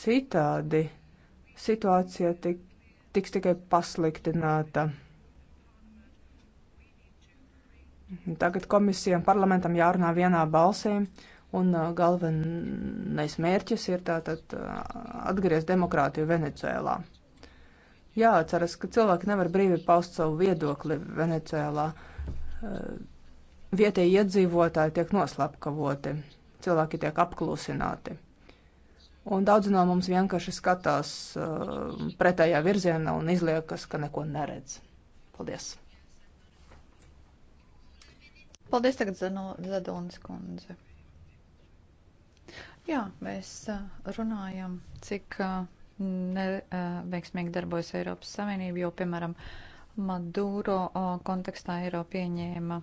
Citādi situācija tik, tiks tikai pasliktināta. Tagad komisija un parlamentam jārunā vienā balsī, un uh, galvenais mērķis ir tātad uh, atgriezt demokrātiju Venecijā. Jāatceras, ka cilvēki nevar brīvi paust savu viedokli Venecijā. Uh, vietēji iedzīvotāji tiek noslapkavoti, cilvēki tiek apklusināti. Un daudz no mums vienkārši skatās uh, pretējā virzienā un izliekas, ka neko neredz. Paldies! Paldies tagad Zadonas kundze. Jā, mēs runājam, cik neveiksmīgi darbojas Eiropas Savienība, jo, piemēram, Maduro kontekstā Eiropa pieņēma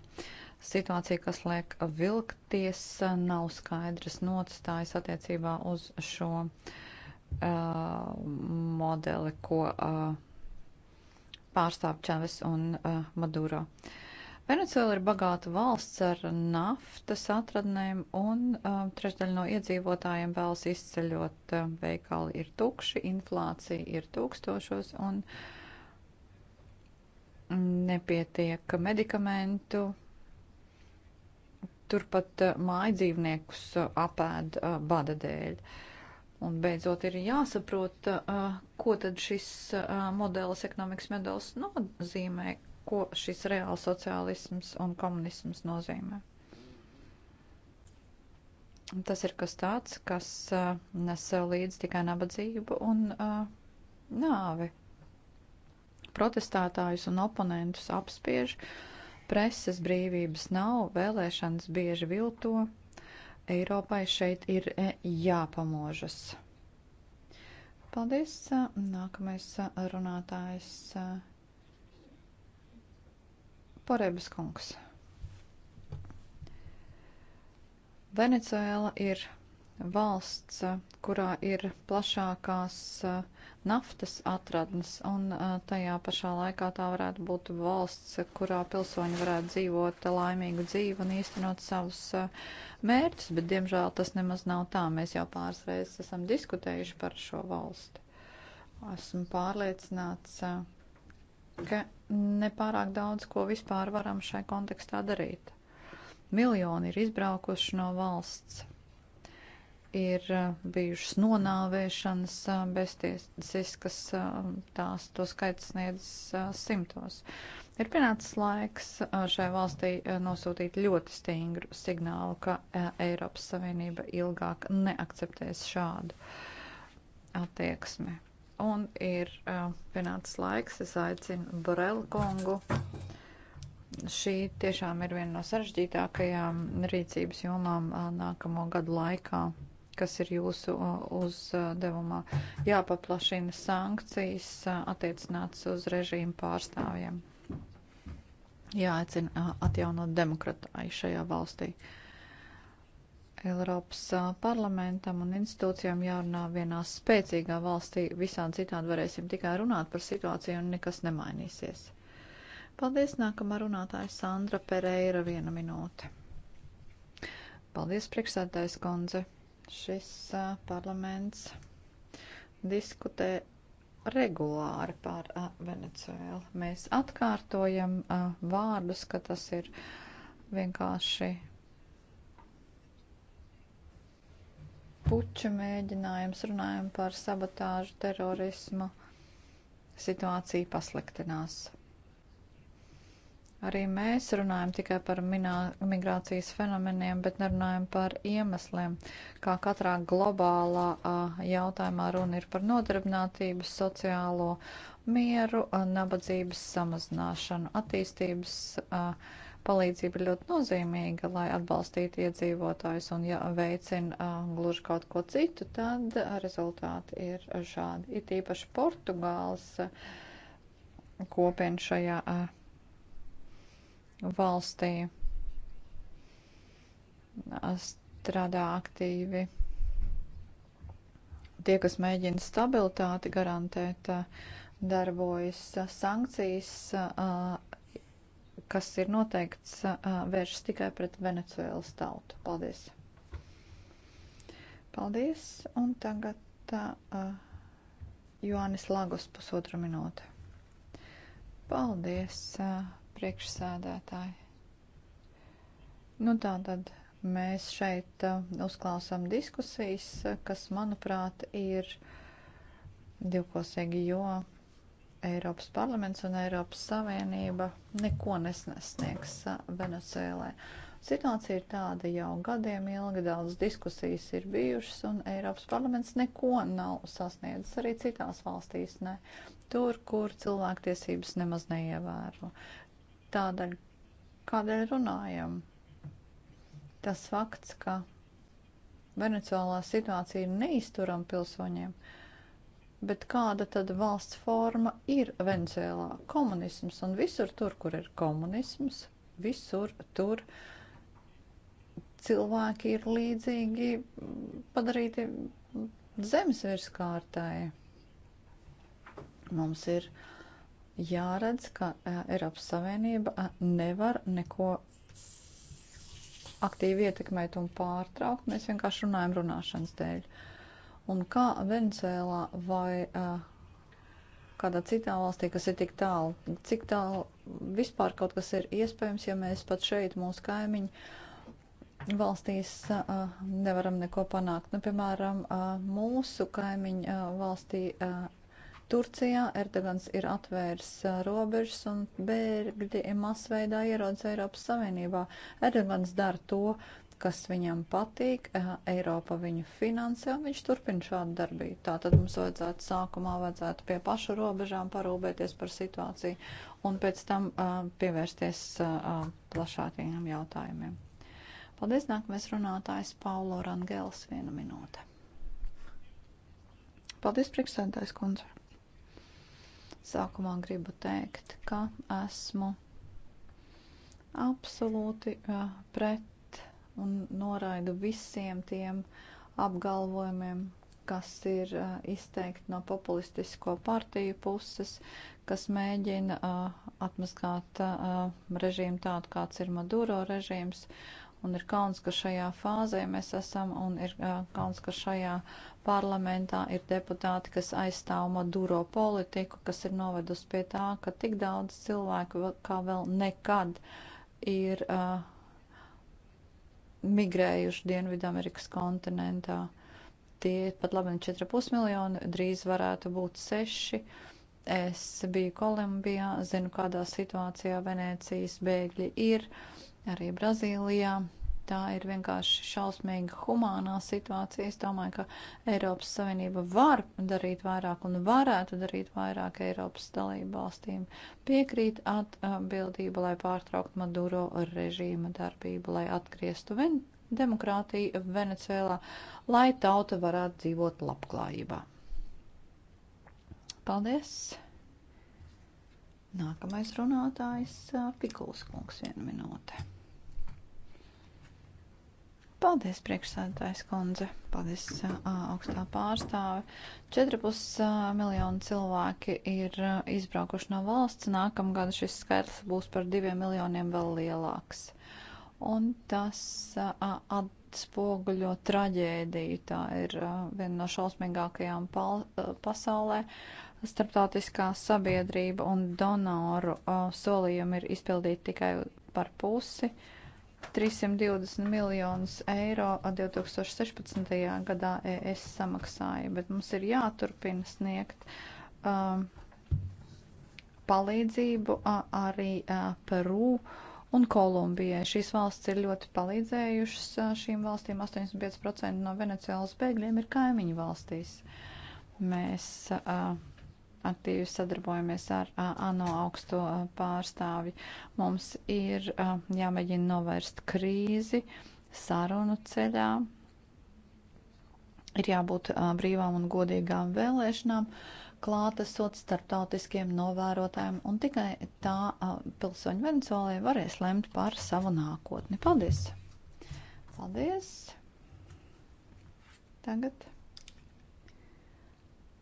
situāciju, kas liek vilkties, nav skaidras notstājas attiecībā uz šo uh, modeli, ko uh, pārstāv Čaves un uh, Maduro. Uh, Venecuēla ir bagāta valsts ar naftas atradnēm, un um, trešdaļa no iedzīvotājiem vēlas izceļot. Um, veikali ir tukši, inflācija ir tūkstošos, un nepietiek medikamentu. Turpat uh, mājdzīvniekus uh, apēd uh, bada dēļ. Un beidzot ir jāsaprot, uh, ko tad šis uh, modelis, ekonomikas modelis nozīmē, ko šis reāls sociālisms un komunisms nozīmē. Tas ir kas tāds, kas uh, nes sev līdzi tikai nabadzību un uh, nāvi. Protestētājus un oponentus apspiež, preses brīvības nav, vēlēšanas bieži vilto. Eiropai šeit ir e, jāpamožas. Paldies. Uh, nākamais uh, runātājs uh, Porebas kungs. Venecuēla ir valsts, kurā ir plašākās naftas atradnes, un tajā pašā laikā tā varētu būt valsts, kurā pilsoņi varētu dzīvot laimīgu dzīvi un īstenot savus mērķus, bet diemžēl tas nemaz nav tā. Mēs jau pāris reizes esam diskutējuši par šo valsti. Esmu pārliecināts, ka nepārāk daudz ko vispār varam šai kontekstā darīt. Miljoni ir izbraukuši no valsts, ir uh, bijušas nonāvēšanas uh, beztiesiskas, uh, tās to skaits sniedz simtos. Ir pienācis laiks šai valstī nosūtīt ļoti stingru signālu, ka Eiropas Savienība ilgāk neakceptēs šādu attieksmi un ir uh, pienācis laiks. Es aicinu Borelu kungu. Šī tiešām ir viena no sarežģītākajām rīcības jomām uh, nākamo gadu laikā, kas ir jūsu uh, uzdevumā. Jāpaplašina sankcijas uh, attiecināts uz režīmu pārstāvjiem. Jāaicina uh, atjaunot demokratāju šajā valstī. Uh, Eiropas parlamentam un institūcijām jārunā vienā spēcīgā valstī. Visādi citādi varēsim tikai runāt par situāciju un nekas nemainīsies. Paldies, nākamā runātāja Sandra Pereira, viena minūte. Paldies, priekšsēdētājs Konze. Šis uh, parlaments diskutē regulāri par uh, Venecuēlu. Mēs atkārtojam uh, vārdus, ka tas ir vienkārši puča mēģinājums, runājam par sabotāžu, terorismu, situācija pasliktinās. Arī mēs runājam tikai par minā, migrācijas fenomeniem, bet nerunājam par iemesliem. Kā katrā globālā a, jautājumā runa ir par nodarbinātību, sociālo mieru, a, nabadzības samazināšanu, attīstības. A, palīdzība ir ļoti nozīmīga, lai atbalstītu iedzīvotājus, un ja veicina gluži kaut ko citu, tad rezultāti ir šādi. Ir tīpaši Portugāls kopien šajā valstī strādā aktīvi. Tie, kas mēģina stabilitāti garantēt, darbojas sankcijas kas ir noteikts, vēršas tikai pret Venecuēlas tautu. Paldies! Paldies! Un tagad uh, Joannis Lagos pusotra minūte. Paldies, uh, priekšsēdētāji! Nu tā tad mēs šeit uh, uzklausām diskusijas, kas, manuprāt, ir divkosīgi, jo Eiropas parlaments un Eiropas Savienība neko nesniegs Venezuelē. Situācija ir tāda jau gadiem ilgi, daudz diskusijas ir bijušas, un Eiropas parlaments neko nav sasniedzis arī citās valstīs, ne tur, kur cilvēktiesības nemaz neievēro. Tādēļ, kādēļ runājam, tas fakts, ka Venecijolā situācija ir neizturama pilsoņiem. Uh, Bet kāda tad valsts forma ir Venecijā? Komunisms un visur tur, kur ir komunisms, visur tur cilvēki ir līdzīgi padarīti zemes virskārtēji. Mums ir jāredz, ka e, Eiropas Savienība e, nevar neko aktīvi ietekmēt un pārtraukt. Mēs vienkārši runājam runāšanas dēļ. Uh, Un kā Venecijā vai uh, kādā citā valstī, kas ir tik tālu, cik tālu vispār kaut kas ir iespējams, ja mēs pat šeit, mūsu kaimiņu valstīs, uh, nevaram neko panākt. Nu, piemēram, uh, mūsu kaimiņu uh, valstī. Uh, Turcijā Erdogans ir atvērs robežas un bēgļi masveidā ierodas Eiropas Savienībā. Erdogans dara to, kas viņam patīk, eh, Eiropa viņu finansē un viņš turpina šādu darbību. Tātad mums vajadzētu sākumā vajadzētu pie pašu robežām parūpēties par situāciju un pēc tam eh, pievērsties eh, plašākajiem jautājumiem. Paldies, nākamais runātājs Paulo Rangels, viena minūte. Paldies, priekšsēdētājs kundze. Sākumā gribu teikt, ka esmu absolūti uh, pret un noraidu visiem tiem apgalvojumiem, kas ir uh, izteikti no populistisko partiju puses, kas mēģina uh, atmaskāt uh, režīmu tādu, kāds ir Maduro režīms. Un ir kauns, ka šajā fāzē mēs esam, un ir uh, kauns, ka šajā parlamentā ir deputāti, kas aizstāv Maduro politiku, kas ir novedusi pie tā, ka tik daudz cilvēku kā vēl nekad ir. Uh, migrējuši Dienvidamerikas kontinentā. Tie pat labi 4,5 miljoni, drīz varētu būt 6. Es biju Kolumbijā, zinu, kādā situācijā Venēcijas bēgļi ir, arī Brazīlijā. Tā ir vienkārši šausmīga humānā situācija. Es domāju, ka Eiropas Savienība var darīt vairāk un varētu darīt vairāk Eiropas dalību valstīm. Piekrīt atbildība, lai pārtrauktu Maduro režīma darbību, lai atgrieztu ven demokrātiju Venecijā, lai tauta varētu dzīvot labklājībā. Paldies! Nākamais runātājs Pikuls kungs, viena minūte. Paldies, priekšsēdētājs kundze. Paldies, augstā pārstāve. 4,5 miljonu cilvēki ir izbraukuši no valsts. Nākamgad šis skaitlis būs par 2 miljoniem vēl lielāks. Un tas atspoguļo traģēdiju. Tā ir viena no šausmīgākajām pasaulē. Starptautiskā sabiedrība un donoru solījumi ir izpildīti tikai par pusi. Uh, 320 miljonus eiro 2016. gadā ES samaksāja, bet mums ir jāturpina sniegt uh, palīdzību uh, arī uh, Peru un Kolumbijai. Šīs valsts ir ļoti palīdzējušas uh, šīm valstīm. 85% no Venecijas bēgļiem ir kaimiņu valstīs. Mēs uh, aktīvi sadarbojamies ar ANO augsto pārstāvi. Mums ir jāmēģina novērst krīzi sarunu ceļā. Ir jābūt brīvām un godīgām vēlēšanām, klātesot starptautiskiem novērotājiem, un tikai tā pilsoņu Venecuolē varēs lemt par savu nākotni. Paldies! Paldies! Tagad.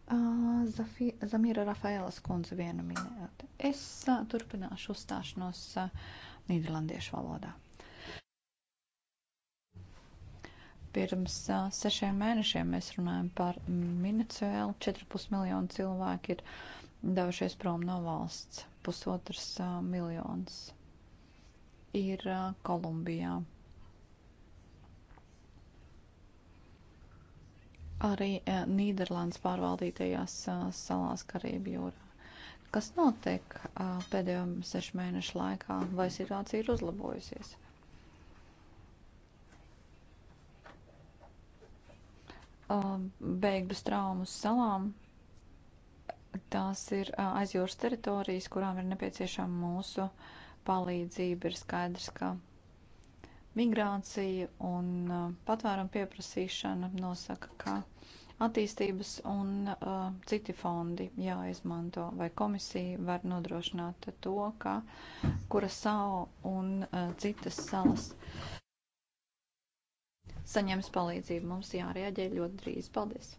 Zamīra Rafēlas kundze vienu minēti. Es turpināšu uzstāšanos nīderlandiešu valodā. Pirms sešiem mēnešiem mēs runājam par Minecēlu. 4,5 miljonu cilvēku ir devušies prom no valsts. Pusotrs miljons ir Kolumbijā. arī e, Nīderlandes pārvaldītajās e, salās Karību jūrā. Kas notiek e, pēdējo sešu mēnešu laikā? Vai situācija ir uzlabojusies? Beigas traumas salām. Tās ir aizjūras teritorijas, kurām ir nepieciešama mūsu palīdzība. Ir skaidrs, ka Migrācija un uh, patvērumu pieprasīšana nosaka, ka attīstības un uh, citi fondi jāizmanto, vai komisija var nodrošināt to, ka Kurasao un uh, citas salas saņems palīdzību. Mums jārēģē ļoti drīz. Paldies!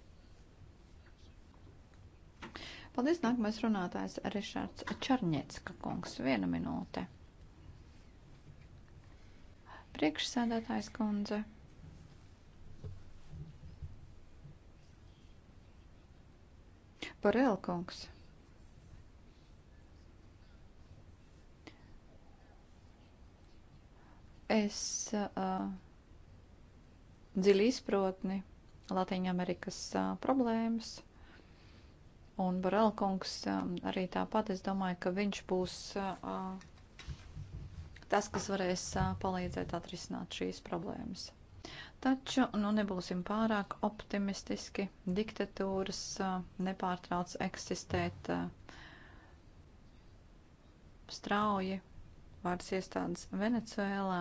Paldies, nākamais runātājs Rišards Čarņecka kungs. Viena minūte. Priekšsēdētājs kundze. Parēl kungs. Es uh, dziļi izprotni Latīņa Amerikas uh, problēmas. Un Borel kungs um, arī tāpat, es domāju, ka viņš būs uh, tas, kas varēs palīdzēt atrisināt šīs problēmas. Taču nu, nebūsim pārāk optimistiski. Diktatūras nepārtrauc eksistēt strauji. Vārds iestādes Venecuēlā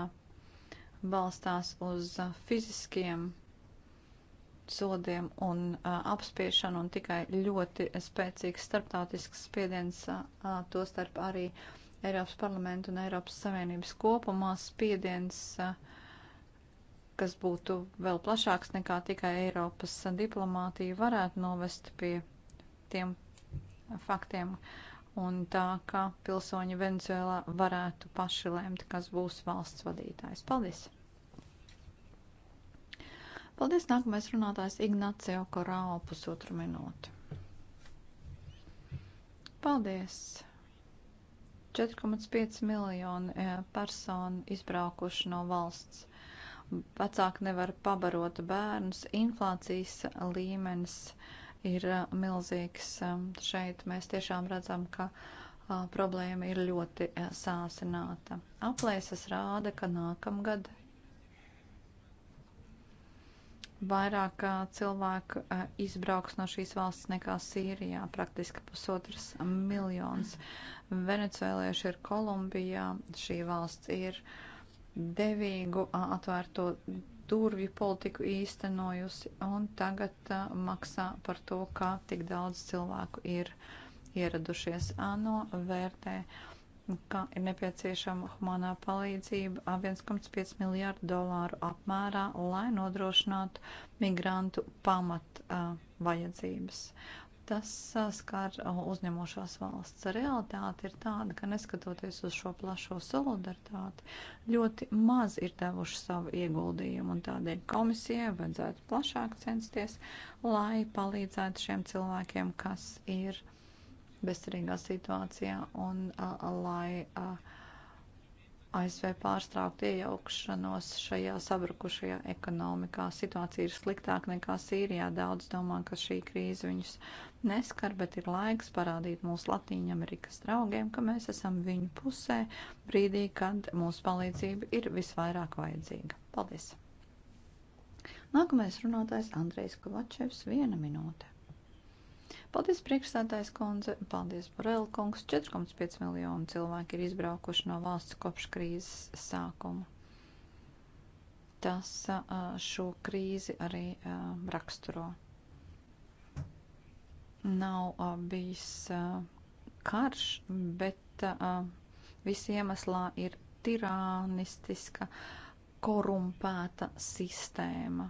balstās uz fiziskiem sodiem un apspiešanu, un tikai ļoti spēcīgs starptautisks spiediens, to starp arī uh, Eiropas parlamentu un Eiropas Savienības kopumā spiediens, kas būtu vēl plašāks nekā tikai Eiropas diplomātija, varētu novest pie tiem faktiem un tā, ka pilsoņi Venezuelā varētu paši lēmt, kas būs valsts vadītājs. Paldies! Paldies! Nākamais runātājs Ignacio Korāo pusotru minūti. Paldies! 4,5 miljoni e, personu izbraukuši no valsts. Vecāki nevar pabarot bērnus, inflācijas līmenis ir e, milzīgs. E, šeit mēs tiešām redzam, ka problēma ir ļoti sāsināta. Aplēses rāda, ka nākamgad Vairāk cilvēku izbrauks no šīs valsts nekā Sīrijā, praktiski pusotras miljonus. Venecuēlieši ir Kolumbijā, šī valsts ir devīgu atvērto durvju politiku īstenojusi un tagad a, maksā par to, kā tik daudz cilvēku ir ieradušies ANO vērtē. Uh, ka ir nepieciešama humanā palīdzība 1,5 miljārdu dolāru apmērā, lai nodrošinātu migrantu pamat uh, vajadzības. Tas uh, skar uh, uzņemošās valsts. Realitāte ir tāda, ka neskatoties uz šo plašo solidaritāti, ļoti maz ir devuši savu ieguldījumu, un tādēļ komisijai vajadzētu plašāk censties, lai palīdzētu šiem cilvēkiem, kas ir uh, bezcerīgā situācijā un uh, lai uh, ASV pārstraukt iejaukšanos šajā sabrukušajā ekonomikā. Situācija ir sliktāka nekā Sīrijā. Daudz domā, ka šī krīze viņus neskar, bet ir laiks parādīt mūsu Latīņamerikas draugiem, ka mēs esam viņu pusē brīdī, kad mūsu palīdzība ir visvairāk vajadzīga. Paldies! Nākamais runātājs Andrejs Kovačevs, viena minūte. Paldies, priekšsēdājs kundze, paldies, Borel kungs. 4,5 miljonu cilvēku ir izbraukuši no valsts kopš krīzes sākuma. Tas šo krīzi arī raksturo. Nav bijis karš, bet visi iemeslā ir tirānistiska korumpēta sistēma.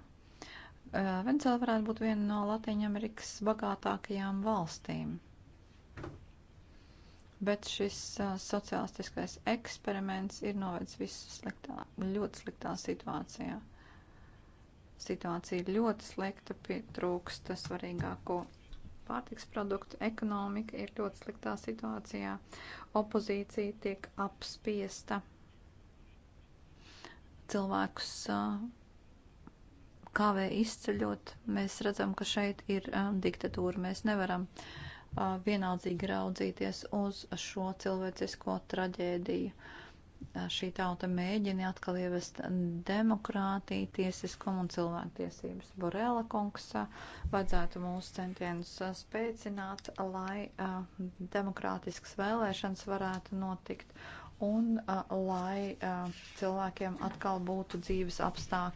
Eh, Venecijā varētu būt viena no Latvijas-Amerikas bagātākajām valstīm. Bet šis eh, sociālistiskais eksperiments ir novedis visu sliktā, ļoti sliktā situācijā. Situācija ir ļoti slikta, pietrūksta svarīgāko pārtiks produktu, ekonomika ir ļoti sliktā situācijā, opozīcija tiek apspiesta, cilvēkus uh, kavē izceļot. Mēs redzam, ka šeit ir um, diktatūra. Mēs nevaram uh, vienaldzīgi raudzīties uz šo cilvēcisko traģēdiju. Uh, šī tauta mēģina atkal ievest demokrātiju, tiesiskumu un cilvēktiesības. Borela kungs uh, vajadzētu mūsu centienus uh, spēcināt, lai uh, demokrātiskas vēlēšanas varētu notikt un uh, lai uh, cilvēkiem atkal būtu dzīves apstākļi